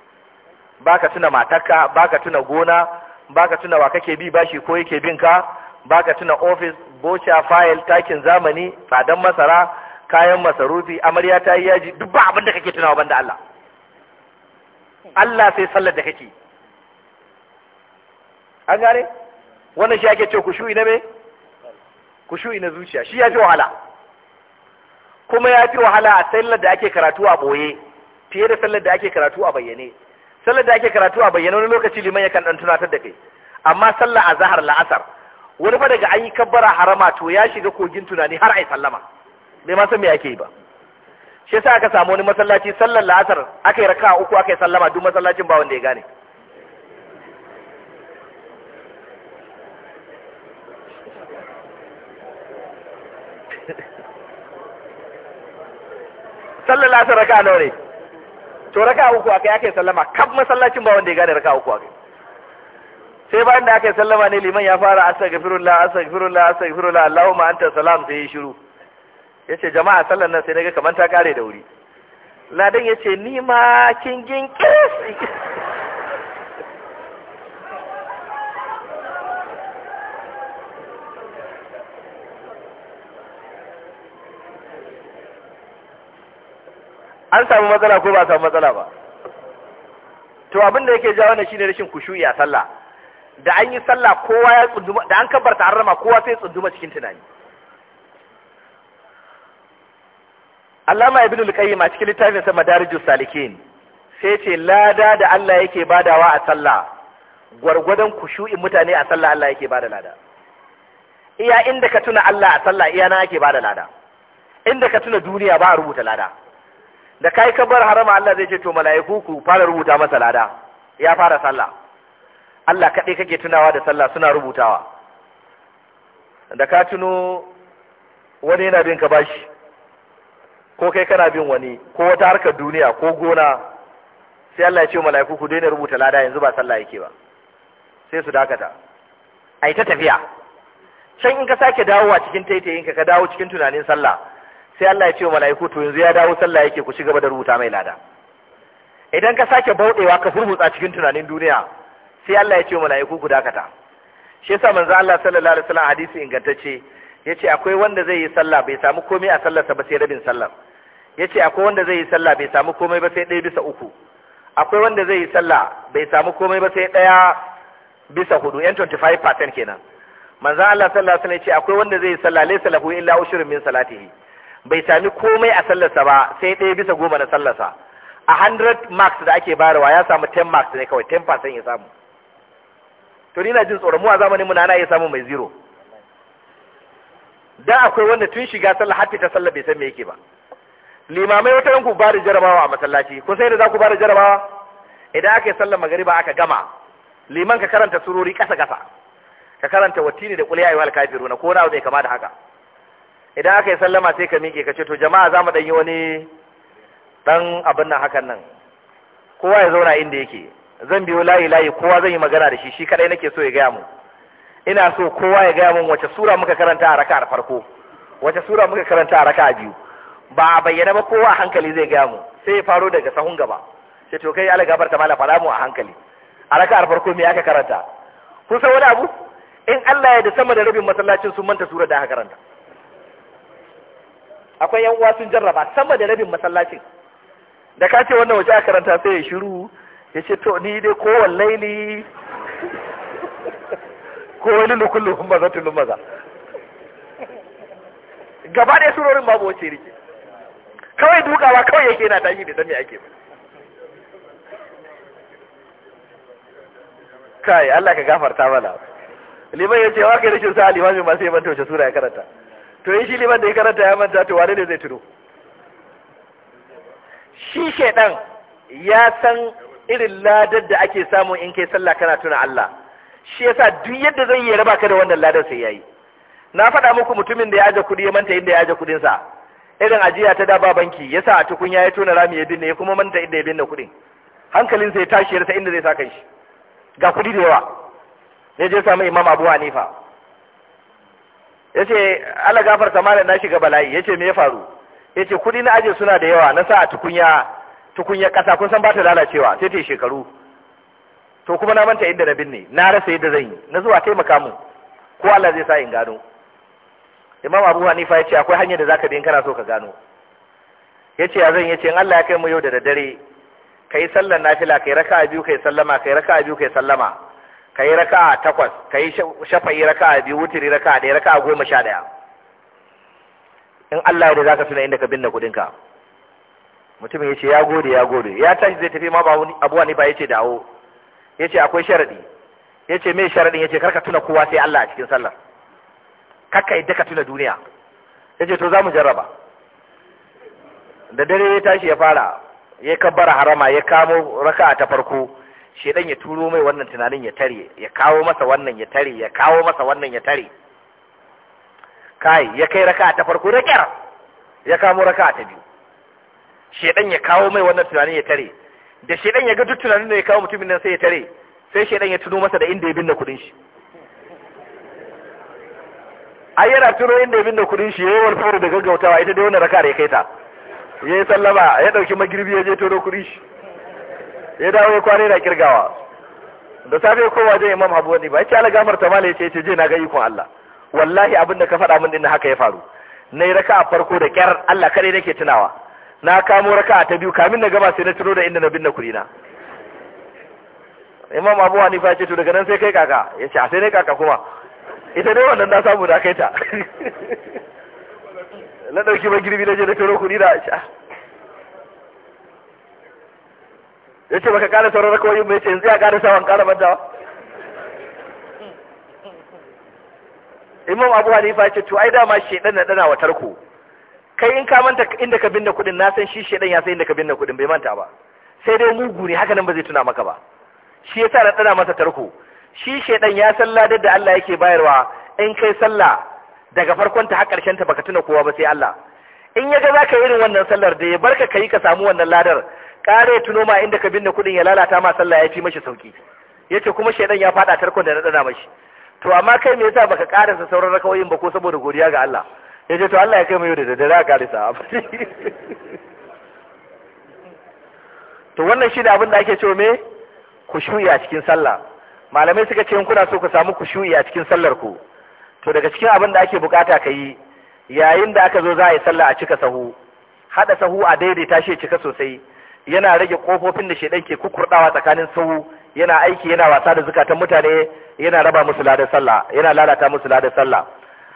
baka tuna matarka baka tuna gona baka tuna wa kake bi bashi ko yake bin ka baka tuna ofis, bocha fayil, takin zamani fadan masara kayan masarufi amarya ta yi yaji duk ba abin da kake tunawa banda Allah Allah sai sallar da kake an gane wannan shi ake ce ku shu'i na me ku shu'i na zuciya shi ya fi wahala kuma ya fi wahala a sallar da ake karatu a boye fiye da sallar da ake karatu a bayyane sallar da ake karatu a bayyane wani lokaci liman yakan dan tunatar da kai amma sallar azhar la'asar wani fa daga an yi kabbara harama to ya shiga kogin tunani har ai sallama bai ma san me ake yi ba shi yasa aka samu wani masallaci sallar la'asar aka yi raka uku aka yi sallama duk masallacin ba wanda ya gane sallar la'asar raka nawa ne to raka uku aka yi aka yi sallama kaf masallacin ba wanda ya gane raka uku aka sai bayan da aka yi sallama ne liman ya fara astaghfirullah astaghfirullah astaghfirullah Allahumma anta salam sai ya shiru yace jama'a sallar nan sai naga kamar ta kare da wuri ladan yace ni ma kingin kis an samu matsala ko ba samu matsala ba to abin da yake ja wannan shine rashin kushu'i a sallah da an yi sallah kowa ya tsunduma da an kabbarta harrama kowa sai tsunduma cikin tunani Allama Ibn al-Qayyim a cikin littafin sa Madarijus Salikin sai ce lada da Allah yake badawa a sallah gwargwadon kushu'in mutane a sallah Allah yake bada lada iya inda ka tuna Allah a sallah iya na yake bada lada inda ka tuna duniya ba a rubuta lada da kai ka bar harama Allah zai ce to mala'iku ku fara rubuta masa lada ya fara sallah Allah kaɗai kake tunawa da sallah suna rubutawa da ka tuno wani yana bin ka bashi ko kai kana bin wani ko wata harkar duniya ko gona sai Allah ya ce mala'iku ku daina rubuta lada yanzu ba sallah yake ba sai su dakata ai ta tafiya can in ka sake dawowa cikin taitayinka ka dawo cikin tunanin sallah sai Allah ya ce mala'iku to yanzu ya dawo sallah yake ku ci gaba da rubuta mai lada idan ka sake bauɗewa ka furmutsa cikin tunanin duniya sai Allah ya ce mala'iku ku dakata shi yasa manzo Allah sallallahu alaihi wasallam hadisi ingantacce ya ce akwai wanda zai yi sallah bai samu komai a sallarsa ba sai rabin sallar ya ce akwai wanda zai yi sallah bai samu komai ba sai ɗaya bisa uku akwai wanda zai yi sallah bai samu komai ba sai ɗaya bisa hudu yan 25% kenan manzan Allah sallallahu alaihi wasallam ya ce akwai wanda zai yi sallah laysa lahu illa ushirin min salatihi bai sami komai a sallarsa ba sai ɗaya bisa goma na sallarsa a 100 marks da ake bayarwa ya samu 10 marks ne kawai 10% ya samu to ni na jin tsoron mu a zamanin mu na ana iya samu mai zero da akwai wanda tun shiga sallah har ta sallah bai san me yake ba limamai wata ku ba da jarabawa a masallaci kun sai da za ku ba da jarabawa idan aka yi sallar magariba aka gama liman ka karanta surori kasa kasa ka karanta watini da kuliya ayyuhal kafiruna ko na zai kama da haka idan aka yi sallama sai ka miƙe ka ce to jama'a za mu dan yi wani dan abin nan hakan nan kowa ya zauna inda yake zan biyo layi layi kowa zan yi magana da shi shi kaɗai nake so ya gaya mu ina so kowa ya gaya min wace sura muka karanta a raka'ar farko wace sura muka karanta a raka'a biyu ba a bayyana ba kowa a hankali zai gaya mu sai ya faro daga sahun gaba sai to kai ala gabar ta mala fara mu a hankali a raka'ar farko me aka karanta kun san wani abu in Allah ya da sama da rabin masallacin sun manta sura da aka karanta akwai yan uwa sun jarraba sama da rabin masallacin da ka ce wannan waje aka karanta sai ya shiru ya ce to ni dai kowanne laili ko wani lukullu hun maza tulun maza gaba ɗaya surorin babu wacce rike kawai dukawa kawai yake na tashi da zami me ake ba kai Allah ka gafarta mana liman ya ce wa kai rashin sa limami ma sai manta wace sura ya karanta to yi shi liman da ya karanta ya manta to wane ne zai tuno shi shaidan ya san irin ladar da ake samu in kai sallah kana tuna Allah shi yasa duk yadda zan yi raba ka da wannan ladan sai yayi na faɗa muku mutumin da ya aje kuɗi ya manta inda ya aje kuɗin sa irin ajiya ta da ba banki yasa a tukunya ya tona rami ya binne kuma manta inda ya binne kuɗin hankalin sai tashi ya inda zai sa kai shi ga kuɗi da yawa ya je samu imam abu hanifa ya ce ala gafarta malam na shiga bala'i ya ce me ya faru ya ce kuɗi na aje suna da yawa na sa a tukunya tukunya ƙasa kun san ba ta lalacewa sai ta yi shekaru to kuma na manta inda na binne na rasa yadda zan yi na zuwa taimaka makamu ko Allah zai sa in gano imam abu hanifa ya ce akwai hanyar da zaka bi in kana so ka gano ya ce ya zan ya ce in Allah ya kai mu yau da daddare ka yi sallar nafila ka yi raka biyu ka yi sallama ka yi raka biyu ka yi sallama ka yi raka takwas ka yi shafa'i raka biyu wutiri raka ɗaya raka goma sha ɗaya in Allah ya da zaka tuna inda ka binne kuɗinka mutumin ya ce ya gode ya gode ya tashi zai tafi ma abu hanifa ya ce dawo yace akwai ce yace me ya ce karka tuna kowa sai Allah a cikin sallar kakka yadda ka tuna duniya yace to za mu jarraba da dare ya tashi ya fara ya kabbara harama ya kamo raka ta farko shedan ya turo mai wannan tunanin ya tare ya kawo masa wannan ya tare ya kawo masa wannan ya tare kai ya kai raka ta farko da kyar ya kamo raka ta biyu shedan ya kawo mai wannan tunanin ya tare da shedan ya ga duk tunanin da ya kawo mutumin nan sai ya tare sai shedan ya tuno masa da inda ya binne kudin shi ai yana tuno inda ya binne kudin shi yayi wal furu da gaggautawa ita dai wannan raka da ya kai ta yayi sallama ya dauki magirbi ya je tono kudin shi ya dawo ya kwana yana kirgawa da safe kowa wajen imam abu wani ba ya ce ala gamar ta mala ya ce je na ga ikon Allah wallahi abin da ka faɗa min din haka ya faru na yi raka a farko da kyar Allah kare nake tunawa na kamo raka ta biyu kamin na gama sai na tuno da inda na binne kurina imam abu hanifa ya ce to daga nan sai kai kaka ya ce a sai ne kaka kuma ita dai wannan na samu da kai ta na ɗauki ba girbi na je na turo kuɗi da sha ya ce baka ƙara sauran rakawoyin mai ce yanzu ya ƙara sawan ƙara bantawa imam abu hanifa ya ce to ai dama shedan na dana wa tarko kai in ka manta inda ka binne kuɗin na san shi shedan ya san inda ka binne kuɗin bai manta ba sai dai mugu ne haka nan ba zai tuna maka ba shi yasa na tsana masa tarko shi shedan ya san ladar da Allah yake bayarwa in kai sallah daga farkon ta har karshen ta baka tuna kowa ba sai Allah in ya ga zaka irin wannan sallar da ya barka kai ka samu wannan ladar kare tuno ma inda ka binne kuɗin ya lalata ma sallah ya fi mashi sauki yace kuma shedan ya fada tarkon da na tsana mashi to amma kai me yasa baka karasa sauran rakawoyin ba ko saboda godiya ga Allah ya ce to Allah ya kai mu yau da daddare a karisa abu to wannan shi ne abin da ake cewa me kushu'i a cikin sallah malamai suka ce in kuna so ku samu kushu'i a cikin sallar ku to daga cikin abin da ake bukata ka yi yayin da aka zo za a yi sallah a cika sahu hada sahu a daidaita shi cika sosai yana rage kofofin da shedan ke kukurdawa tsakanin sahu yana aiki yana wasa da zukatan mutane yana raba musu ladan sallah yana lalata musu ladan sallah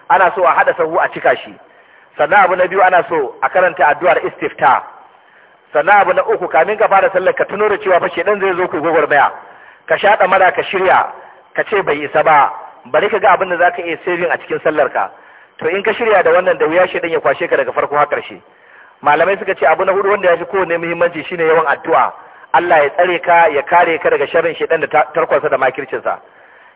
ana so a hada sahu a cika shi sannan abu na biyu ana so a karanta addu'ar istifta sannan abu na uku kamin ka fara sallar ka tuno da cewa fa dan zai zo ku baya ka shaɗa mara ka shirya ka ce bai isa ba bari ka ga abin da zaka iya saving a cikin sallar ka to in ka shirya da wannan da wuya shi dan ya kwashe ka daga farko har karshe malamai suka ce abu na hudu wanda ya fi kowane muhimmanci shine yawan addu'a Allah ya tsare ka ya kare ka daga sharrin shedan da tarkonsa da makircinsa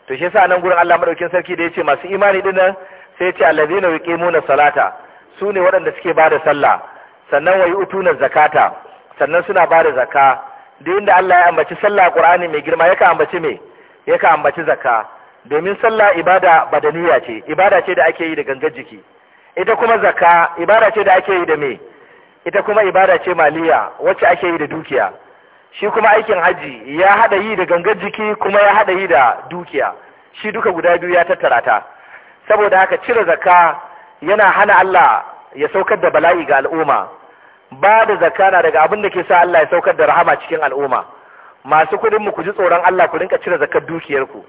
to shi yasa nan gurin Allah madaukin sarki da yace masu imani dinnan sai ce allazina yuqimuna salata su ne waɗanda suke ba da sallah sannan wa utunan zakata sannan suna bada zaka duk inda Allah ya ambaci sallah Qur'ani mai girma yaka ambaci me yaka ambaci zaka domin sallah ibada badaniya ce ibada ce da ake yi da gangar jiki ita kuma zakka ibada ce da ake yi da me ita kuma ibada ce maliya wacce ake yi da dukiya shi kuma aikin haji ya hada yi da gangar jiki kuma ya hada yi da dukiya shi duka guda biyu ya tattara ta saboda haka cire zakka yana hana Allah ya saukar da bala'i ga al'umma ba da zakka na daga abin da ke sa Allah ya saukar da rahama cikin al'umma masu kudin mu ku ji tsoron Allah ku rinka cire zakkar dukiyar ku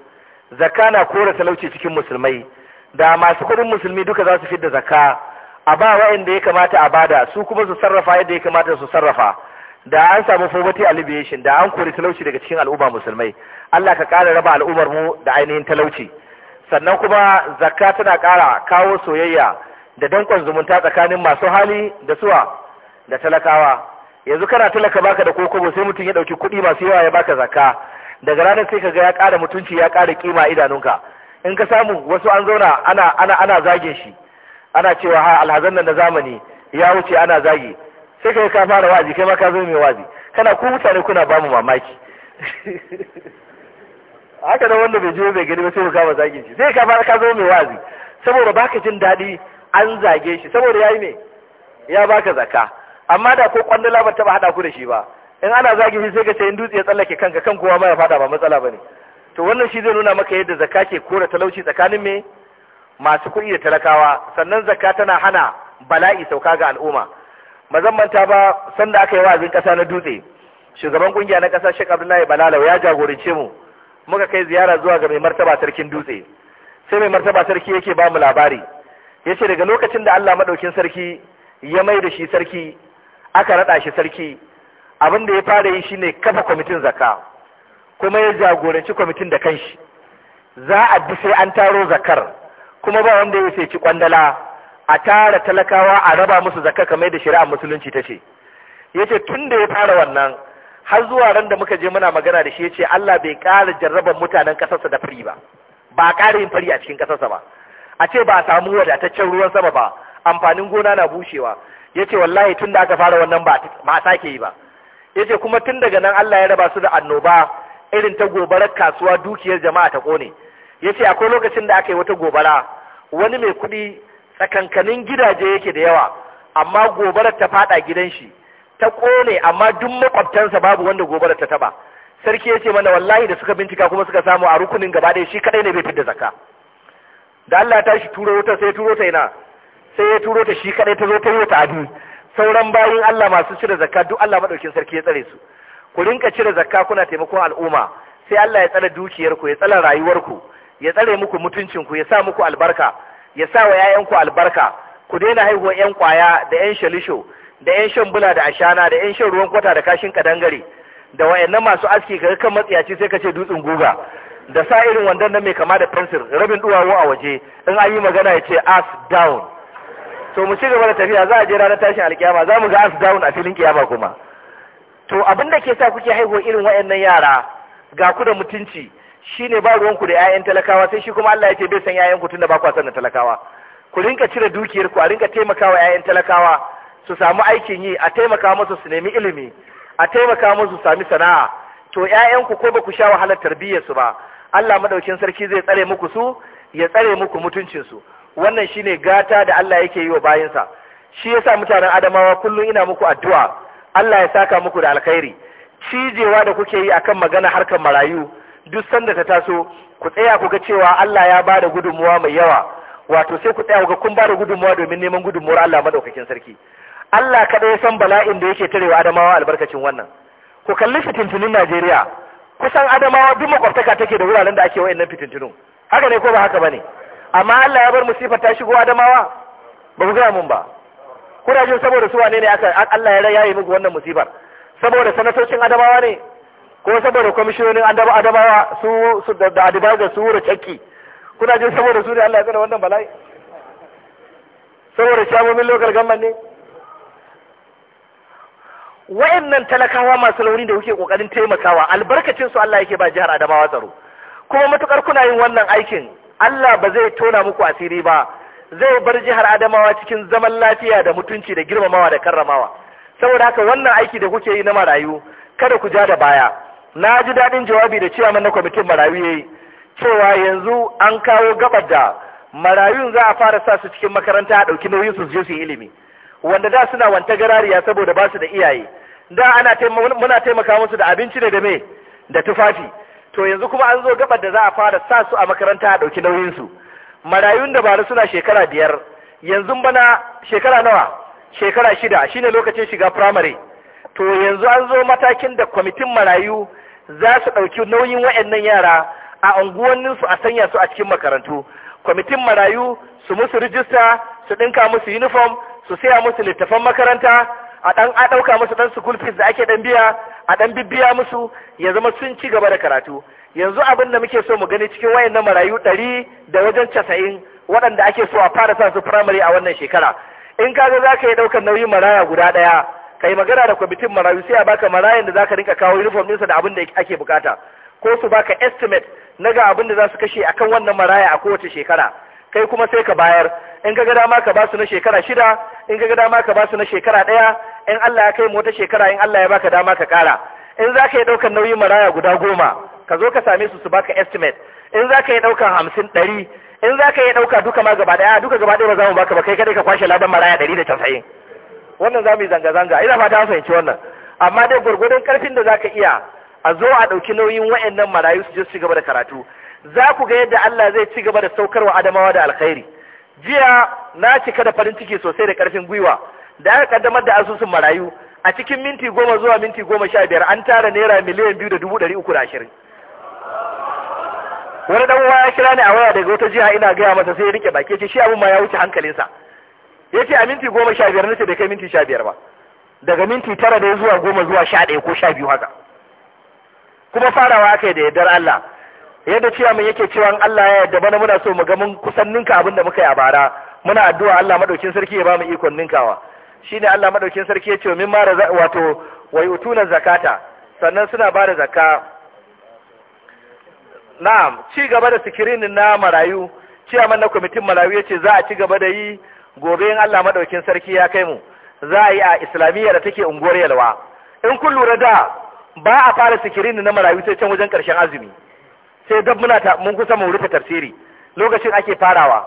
zakka na kore talauci cikin musulmai da masu kuɗin musulmi duka za su da zakka a ba wa'anda ya kamata a bada su kuma su sarrafa yadda ya kamata su sarrafa da an samu poverty alleviation da an kori talauci daga cikin al'umma musulmai Allah ka ƙara raba al'ummar mu da ainihin talauci sannan kuma zakka tana ƙara kawo soyayya da dankon zumunta tsakanin masu hali da suwa da talakawa yanzu kana talaka baka da kokobo sai mutum ya ɗauki kuɗi masu yawa ya baka zakka daga ranar sai ka ga ya ƙara mutunci ya ƙara kima idanunka in ka samu wasu an zauna ana ana ana zagin shi ana cewa ha alhazan nan na zamani ya wuce ana zagi sai kai ka fara wazi kai ma ka zo mai wazi kana ku mutane kuna ba mu mamaki haka da wanda bai jiyo bai gani ba sai ka kama zagin shi sai ka fara ka zo mai wazi saboda baka jin dadi an zage shi saboda yayi me ya baka zaka amma da ko kwandala ba ta ba hada ku da shi ba in ana zagin shi sai ka ce in dutse ya tsallake kanka kan kowa ba ya fada ba matsala bane to wannan shi zai nuna maka yadda zakka ke kora talauci tsakanin me masu kuɗi da talakawa sannan zakka tana hana bala'i sauka ga al'umma manta ba sanda aka yi wazin ƙasa na dutse shugaban kungiya na ƙasa Sheikh Abdullahi Balalau ya jagorance mu muka kai ziyara zuwa ga mai martaba sarkin dutse sai mai martaba sarki yake ba mu labari yace daga lokacin da Allah madaukin sarki ya mai da shi sarki aka raɗa shi sarki abin da ya fara yi shine kafa kwamitin zakka kuma ya jagoranci kwamitin da kanshi za a bi sai an taro zakar kuma ba wanda ya sai ci kwandala a tara talakawa a raba musu zakka kamar da shari'ar musulunci ta ce yace tunda ya fara wannan har zuwa ran da muka je muna magana da shi ya ce Allah bai ƙara jarraban mutanen ƙasarsa da fari ba ba a ƙara yin fari a cikin ƙasarsa ba a ce ba a samu wadataccen ruwan sama ba amfanin gona na bushewa Ya ce wallahi tun da aka fara wannan ba a sake yi ba Ya ce kuma tun daga nan Allah ya raba su da annoba irin ta gobarar kasuwa dukiyar jama'a ta ƙone. Ya ce akwai lokacin da aka yi wata gobara wani mai kuɗi tsakankanin gidaje yake da yawa amma gobarar ta faɗa gidan shi ta kone amma duk makwabtansa babu wanda da ta taba sarki ya ce mana wallahi da suka bincika kuma suka samu a rukunin gaba ɗaya shi kadai ne bai fidda zakka da Allah ta tashi turo ta sai turo ta ina sai ya turo ta shi kadai ta zo ta yi ta adu sauran bayin Allah masu cire zakka duk Allah madaukin sarki ya tsare su ku rinka cire zakka kuna taimakon al'umma sai Allah ya tsare dukiyar ku ya tsare rayuwar ku ya tsare muku mutuncin ku ya sa muku albarka ya sa wa 'ya'yanku albarka ku daina haihuwar 'yan kwaya da 'yan shalisho da yan shan bula da ashana da yan shan ruwan kwata da kashin kadangare da wayannan masu aski ka kan matsiyaci sai ka ce dutsen guga da sa irin wanda na mai kama da fensir rabin duwawo a waje in an yi magana ya ce as down to mu ci gaba da tafiya za a je ranar tashin alkiyama za mu ga as down a filin kiyama kuma to abin da ke sa kuke haihuwa irin wayannan yara ga ku da mutunci shine ba ruwanku da 'ya'yan talakawa sai shi kuma Allah ya ce bai san 'ya'yanku tunda ba kwa san talakawa ku rinka cire dukiyar ku a rinka taimakawa 'ya'yan talakawa su samu aikin yi a taimaka musu su nemi ilimi a taimaka musu sami sana'a to ƴaƴanku ko baku sha wahalar tarbiyyarsu ba Allah madaukin sarki zai tsare muku su ya tsare muku mutuncin su wannan shine gata da Allah yake yi wa bayinsa shi yasa mutanen Adamawa kullum ina muku addu'a Allah ya saka muku da alkhairi cijewa da kuke yi akan magana harkar marayu duk sanda ta taso ku tsaya ku ga cewa Allah ya bada gudunmuwa mai yawa wato sai ku tsaya ku ga kun bada gudunmuwa domin neman gudunmuwar Allah madaukakin sarki Allah kada ya san bala'in da yake tarewa Adamawa albarkacin wannan ku kalli fitintunin Najeriya kusan Adamawa duk makwabtaka take da wuraren da ake innan fitintunin. haka ne ko ba haka bane amma Allah ya bar musifar ta shigo Adamawa ba ku gaya mun ba kuna jin saboda su wane ne aka Allah ya yi muku wannan musibar saboda sanatocin Adamawa ne ko saboda kwamishinonin Adamawa su da adibaza su wura cakki kuna jin saboda su ne Allah ya tsara wannan bala'i saboda shagomin lokal government ne wa'annan talakawa masu launi da kuke kokarin taimakawa albarkacin su Allah yake ba jihar Adamawa tsaro kuma matukar kuna yin wannan aikin Allah ba zai tona muku asiri ba zai bar jihar Adamawa cikin zaman lafiya da mutunci da girmamawa da karramawa saboda haka wannan aiki da kuke yi na marayu kada ku ja da baya na ji daɗin jawabi da cewa na kwamitin marayu yayi cewa yanzu an kawo gabar da marayun za a fara sa su cikin makaranta a ɗauki nauyin su je su yi ilimi wanda da suna wanta garariya saboda ba su da iyaye da ana muna taimaka musu da abinci ne da me da tufafi to yanzu kuma an zo gabar da za a fara sa su a makaranta a ɗauki nauyin su marayun da bara suna shekara biyar yanzu bana shekara nawa shekara shida shine lokacin shiga firamare to yanzu an zo matakin da kwamitin marayu za su ɗauki nauyin waɗannan yara a unguwannin su a sanya su a cikin makarantu kwamitin marayu su musu rijista su ɗinka musu uniform su saya musu littafan makaranta a ɗan a ɗauka musu ɗan school fees da ake ɗan biya a ɗan bibbiya musu ya zama sun ci gaba da karatu yanzu abin da muke so mu gani cikin wayannan marayu ɗari da wajen casa'in waɗanda ake so a fara sa su firamare a wannan shekara in ka ga za ka yi ɗaukar nauyin maraya guda ɗaya ka yi magana da kwamitin marayu sai a baka marayan da za ka rinka kawo uniform ɗinsa da abin da ake bukata ko su baka estimate na ga abin da za su kashe akan wannan maraya a kowace shekara kai kuma sai ka bayar in ka ga dama ka ba su na shekara shida in ka ga dama ka ba su na shekara ɗaya in Allah ya kai mu wata shekara in Allah ya baka dama ka ƙara in za ka yi ɗaukar nauyin maraya guda goma ka zo ka same su su baka estimate in za ka yi ɗaukar hamsin ɗari in za ka yi ɗauka duka ma gaba ɗaya duka gaba ɗaya ba za mu baka ba kai kadai ka kwashe ladan maraya ɗari da casa'in wannan za mu yi zanga-zanga ina fata an fahimci wannan amma dai gwargwadon ƙarfin da za ka iya a zo a ɗauki nauyin wa'annan marayu su je su gaba da karatu za ku ga yadda Allah zai ci gaba da saukarwa adamawa da alkhairi jiya na cika da farin ciki sosai da karfin gwiwa da aka kaddamar da asusun marayu a cikin minti goma zuwa minti goma sha biyar an tara naira miliyan biyu da dubu ɗari uku da ashirin wani dan uwa ya kira ni a waya daga wata jiha ina gaya masa sai ya rike baki ce shi abin ma ya wuce hankalinsa ya ce a minti goma sha biyar nace bai kai minti sha biyar ba daga minti tara da zuwa goma zuwa sha ɗaya ko sha biyu haka kuma farawa aka yi da yardar Allah yadda cewa mun yake cewa Allah ya yarda bana muna so mu ga mun kusan ninka abin da muka yi a bara muna addu'a Allah madaukin sarki ya ba mu ikon ninkawa shine Allah madaukin sarki ya ce min ma wato wai utuna zakata sannan suna ba da zakka na'am ci gaba da sikirin na marayu ciyaman na kwamitin marayu ya ce za a ci gaba da yi gobe in Allah madaukin sarki ya kai mu za a yi a islamiyya da take unguwar yalwa in kun lura da ba a fara sikirin na marayu sai can wajen karshen azumi sai gab muna ta mun kusa mu rufe tafsiri lokacin ake farawa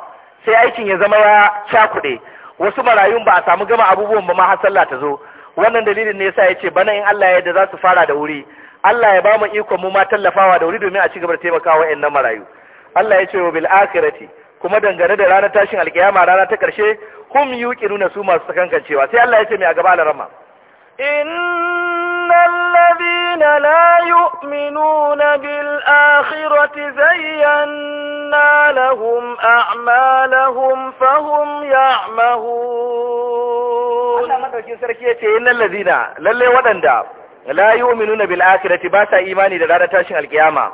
sai aikin ya zama ya cakuɗe wasu marayun ba a samu gama abubuwan ba ma har sallah ta zo wannan dalilin ne yasa ya ce bana in Allah ya yarda za su fara da wuri Allah ya ba mu ikon mu ma tallafawa da wuri domin a ci gaba da taimakawa wa'annan marayu Allah ya ce wa bil akhirati kuma dangane da ranar tashin alkiyama rana ta karshe hum nuna su masu sakankancewa sai Allah ya ce mai a gaba rama. in الذين لا يؤمنون بالآخرة زينا لهم أعمالهم فهم يعمهون إن الذين للي ودن داب la yu'minuna bil akhirati ba sa imani da ranar tashin alkiyama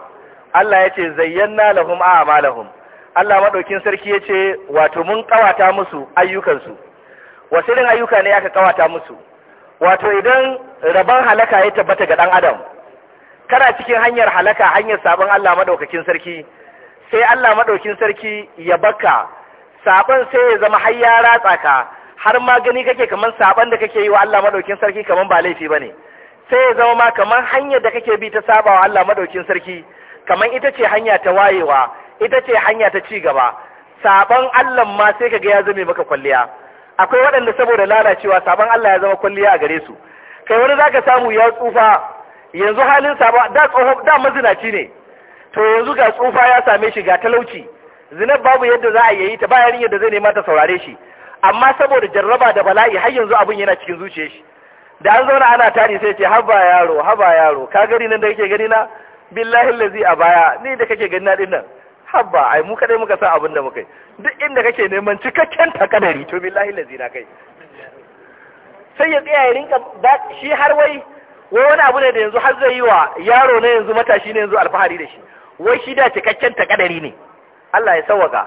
Allah yace Allah madaukin sarki yace wato mun kawata musu ayyukan su wasu irin ayyuka ne aka kawata musu wato idan rabon halaka ya tabbata ga ɗan adam kana cikin hanyar halaka hanyar sabon Allah maɗaukakin sarki sai Allah maɗaukin sarki ya baka sabon sai ya zama har ya ratsa ka har ma gani kake kaman sabon da kake yi wa Allah maɗaukin sarki kaman ba laifi bane sai ya zama ma kamar hanyar da kake bi ta sabawa Allah maɗaukin sarki kamar ita ce hanya ta wayewa ita ce hanya ta ci gaba sabon Allah ma sai kaga ya zame maka kwalliya akwai waɗanda saboda lalacewa sabon Allah ya zama kwalliya a gare su kai wani zaka samu ya tsufa yanzu halin sa da tsoho mazinaci ne to yanzu ga tsufa ya same shi ga talauci zinab babu yadda za a yi ta ba yarin yadda zai nema ta saurare shi amma saboda jarraba da bala'i har yanzu abin yana cikin zuciyar shi da an zauna ana tari sai ce haba yaro haba yaro ka gari nan da kake gani na billahi allazi a baya ni da kake gani na dinnan haba ai mu kadai muka sa abin da muka yi duk inda kake neman cikakken takadari to billahi lazi na kai sai ya tsaya ya rinka shi har wai wai wani abu ne da yanzu har zai yi wa yaro na yanzu matashi ne yanzu alfahari da shi wai shi da cikakken takadari ne Allah ya sawaka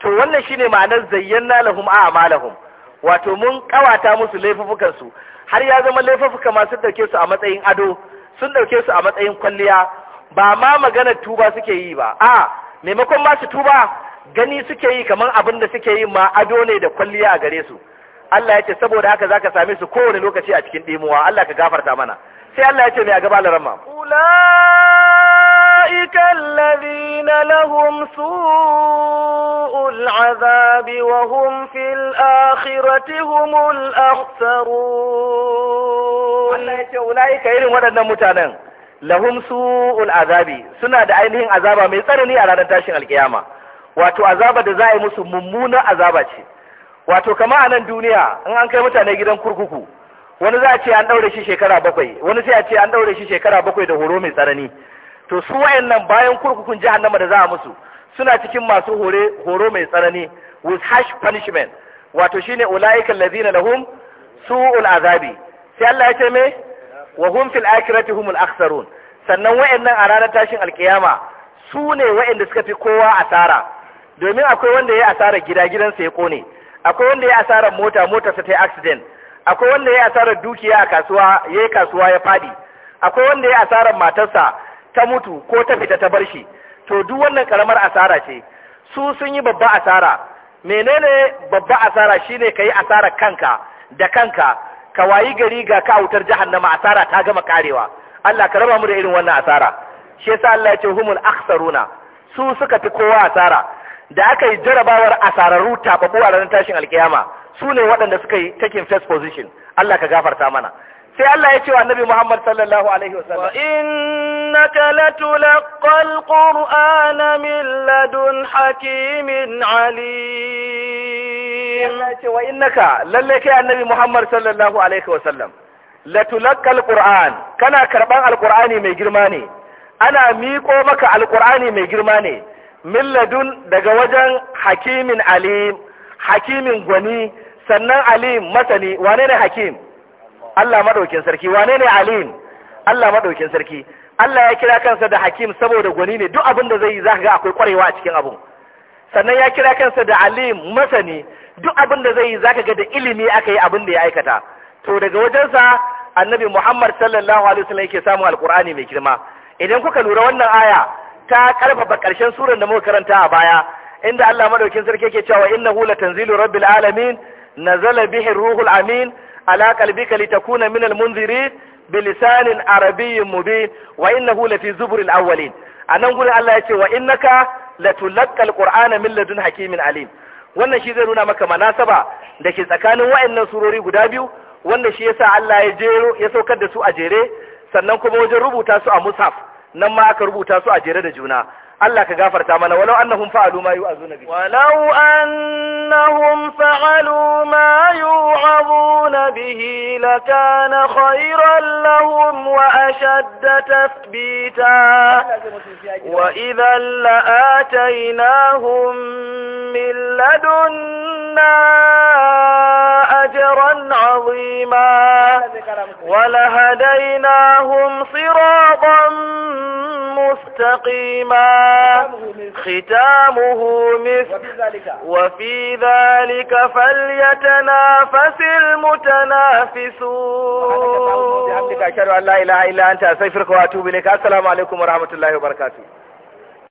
to wannan shine ma'anar zayyana lahum a'malahum wato mun kawata musu laifukan su har ya zama laifuka masu sun dauke su a matsayin ado sun dauke su a matsayin kwalliya ba ma magana tuba suke yi ba a maimakon ba su tuba gani suke yi kamar abin da suke yi ma ado ne da kwalliya a gare su Allah ya ce saboda haka zaka same su kowane lokaci a cikin dimuwa Allah ka gafarta mana sai Allah ya ce mai a gaba ulaika alladhina lahum su'ul azabi wa hum fil akhirati humul akhsarun Allah ya ce, Ula'ika irin waɗannan mutanen, lahum su'ul azabi suna da ainihin azaba mai tsanani a ranar tashin alkiyama wato azaba da za a yi musu mummuna azaba ce wato kama a nan duniya in an kai mutane gidan kurkuku wani za a ce an daure shi shekara bakwai wani sai a ce an daure shi shekara bakwai da horo mai tsanani to su wayannan bayan kurkukun jahannama da za a musu suna cikin masu hore horo mai tsanani with harsh punishment wato shine ulaika allazina lahum su'ul azabi sai Allah ya ce me wa hum fil akhirati humul akhsarun sannan wayannan a ranar tashin alkiyama su ne wayanda suka fi kowa asara domin akwai wanda ya asara gida gidansa ya kone akwai wanda ya asara mota motarsa ta yi accident akwai wanda ya asara dukiya a kasuwa yayi kasuwa ya fadi akwai wanda ya asara matarsa ta mutu ko ta fita ta bar shi to duk wannan karamar asara ce su sun yi babba asara menene babba asara shine ka yi asarar kanka da kanka ka wayi gari ga ka autar jahannama asara ta gama karewa Allah ka raba mu da irin wannan asara shi yasa Allah ya ce humul akhsaruna su suka fi kowa asara da aka yi jarabawar asararru tababu ranar tashin alkiyama su ne waɗanda suka yi taking first position Allah ka gafarta mana sai Allah ya ce wa Annabi Muhammad sallallahu alaihi wasallam wa innaka latulqal qur'ana min ladun hakimin alim Allah ya ce wa innaka lalle kai Annabi Muhammad sallallahu alaihi wasallam latulqal qur'an kana karban alqur'ani mai girma ne ana miƙo maka alqur'ani mai girma ne min ladun daga wajen hakimin alim hakimin gwani sannan alim masani wane ne hakim Allah madaukin sarki wane ne alim Allah madaukin sarki Allah ya kira kansa da hakim saboda gwani ne duk abin da zai yi za ga akwai kwarewa a cikin abun sannan ya kira kansa da alim masani duk abin da zai yi za ga da ilimi aka yi abin da ya aikata to daga wajensa annabi Muhammad sallallahu alaihi wasallam yake samun alqur'ani mai girma idan kuka lura wannan aya ta karfafa karshen surar da muka karanta a baya inda Allah madaukin sarki yake cewa innahu latanzilu rabbil alamin nazala bihi ruhul amin ala qalbika litakuna min almunzirin bilisanin arabiyyin mubin wa innahu lafi zuburil A anan gurin Allah ya ce wa innaka latulaqqal qur'ana min ladun hakimin alim wannan shi zai nuna maka manasaba da ke tsakanin wa'annan surori guda biyu wanda shi yasa Allah ya jero ya saukar da su a jere sannan kuma wajen rubuta su a mushaf nan ma aka rubuta su a jere da juna Allah ka gafarta mana walau annahum fa'alu ma yu'azuna bihi walau annahum fa'alu ma yu'azuna bihi lakana khayran lahum wa ashadda tathbita wa idhan la'ataynahum min ladunna ajran 'azima ولهديناهم صراطا مستقيما ختامه مثل وفي ذلك فليتنافس المتنافسون بحمدك أشهد أن لا إله إلا أنت أستغفرك وأتوب إليك السلام عليكم ورحمة الله وبركاته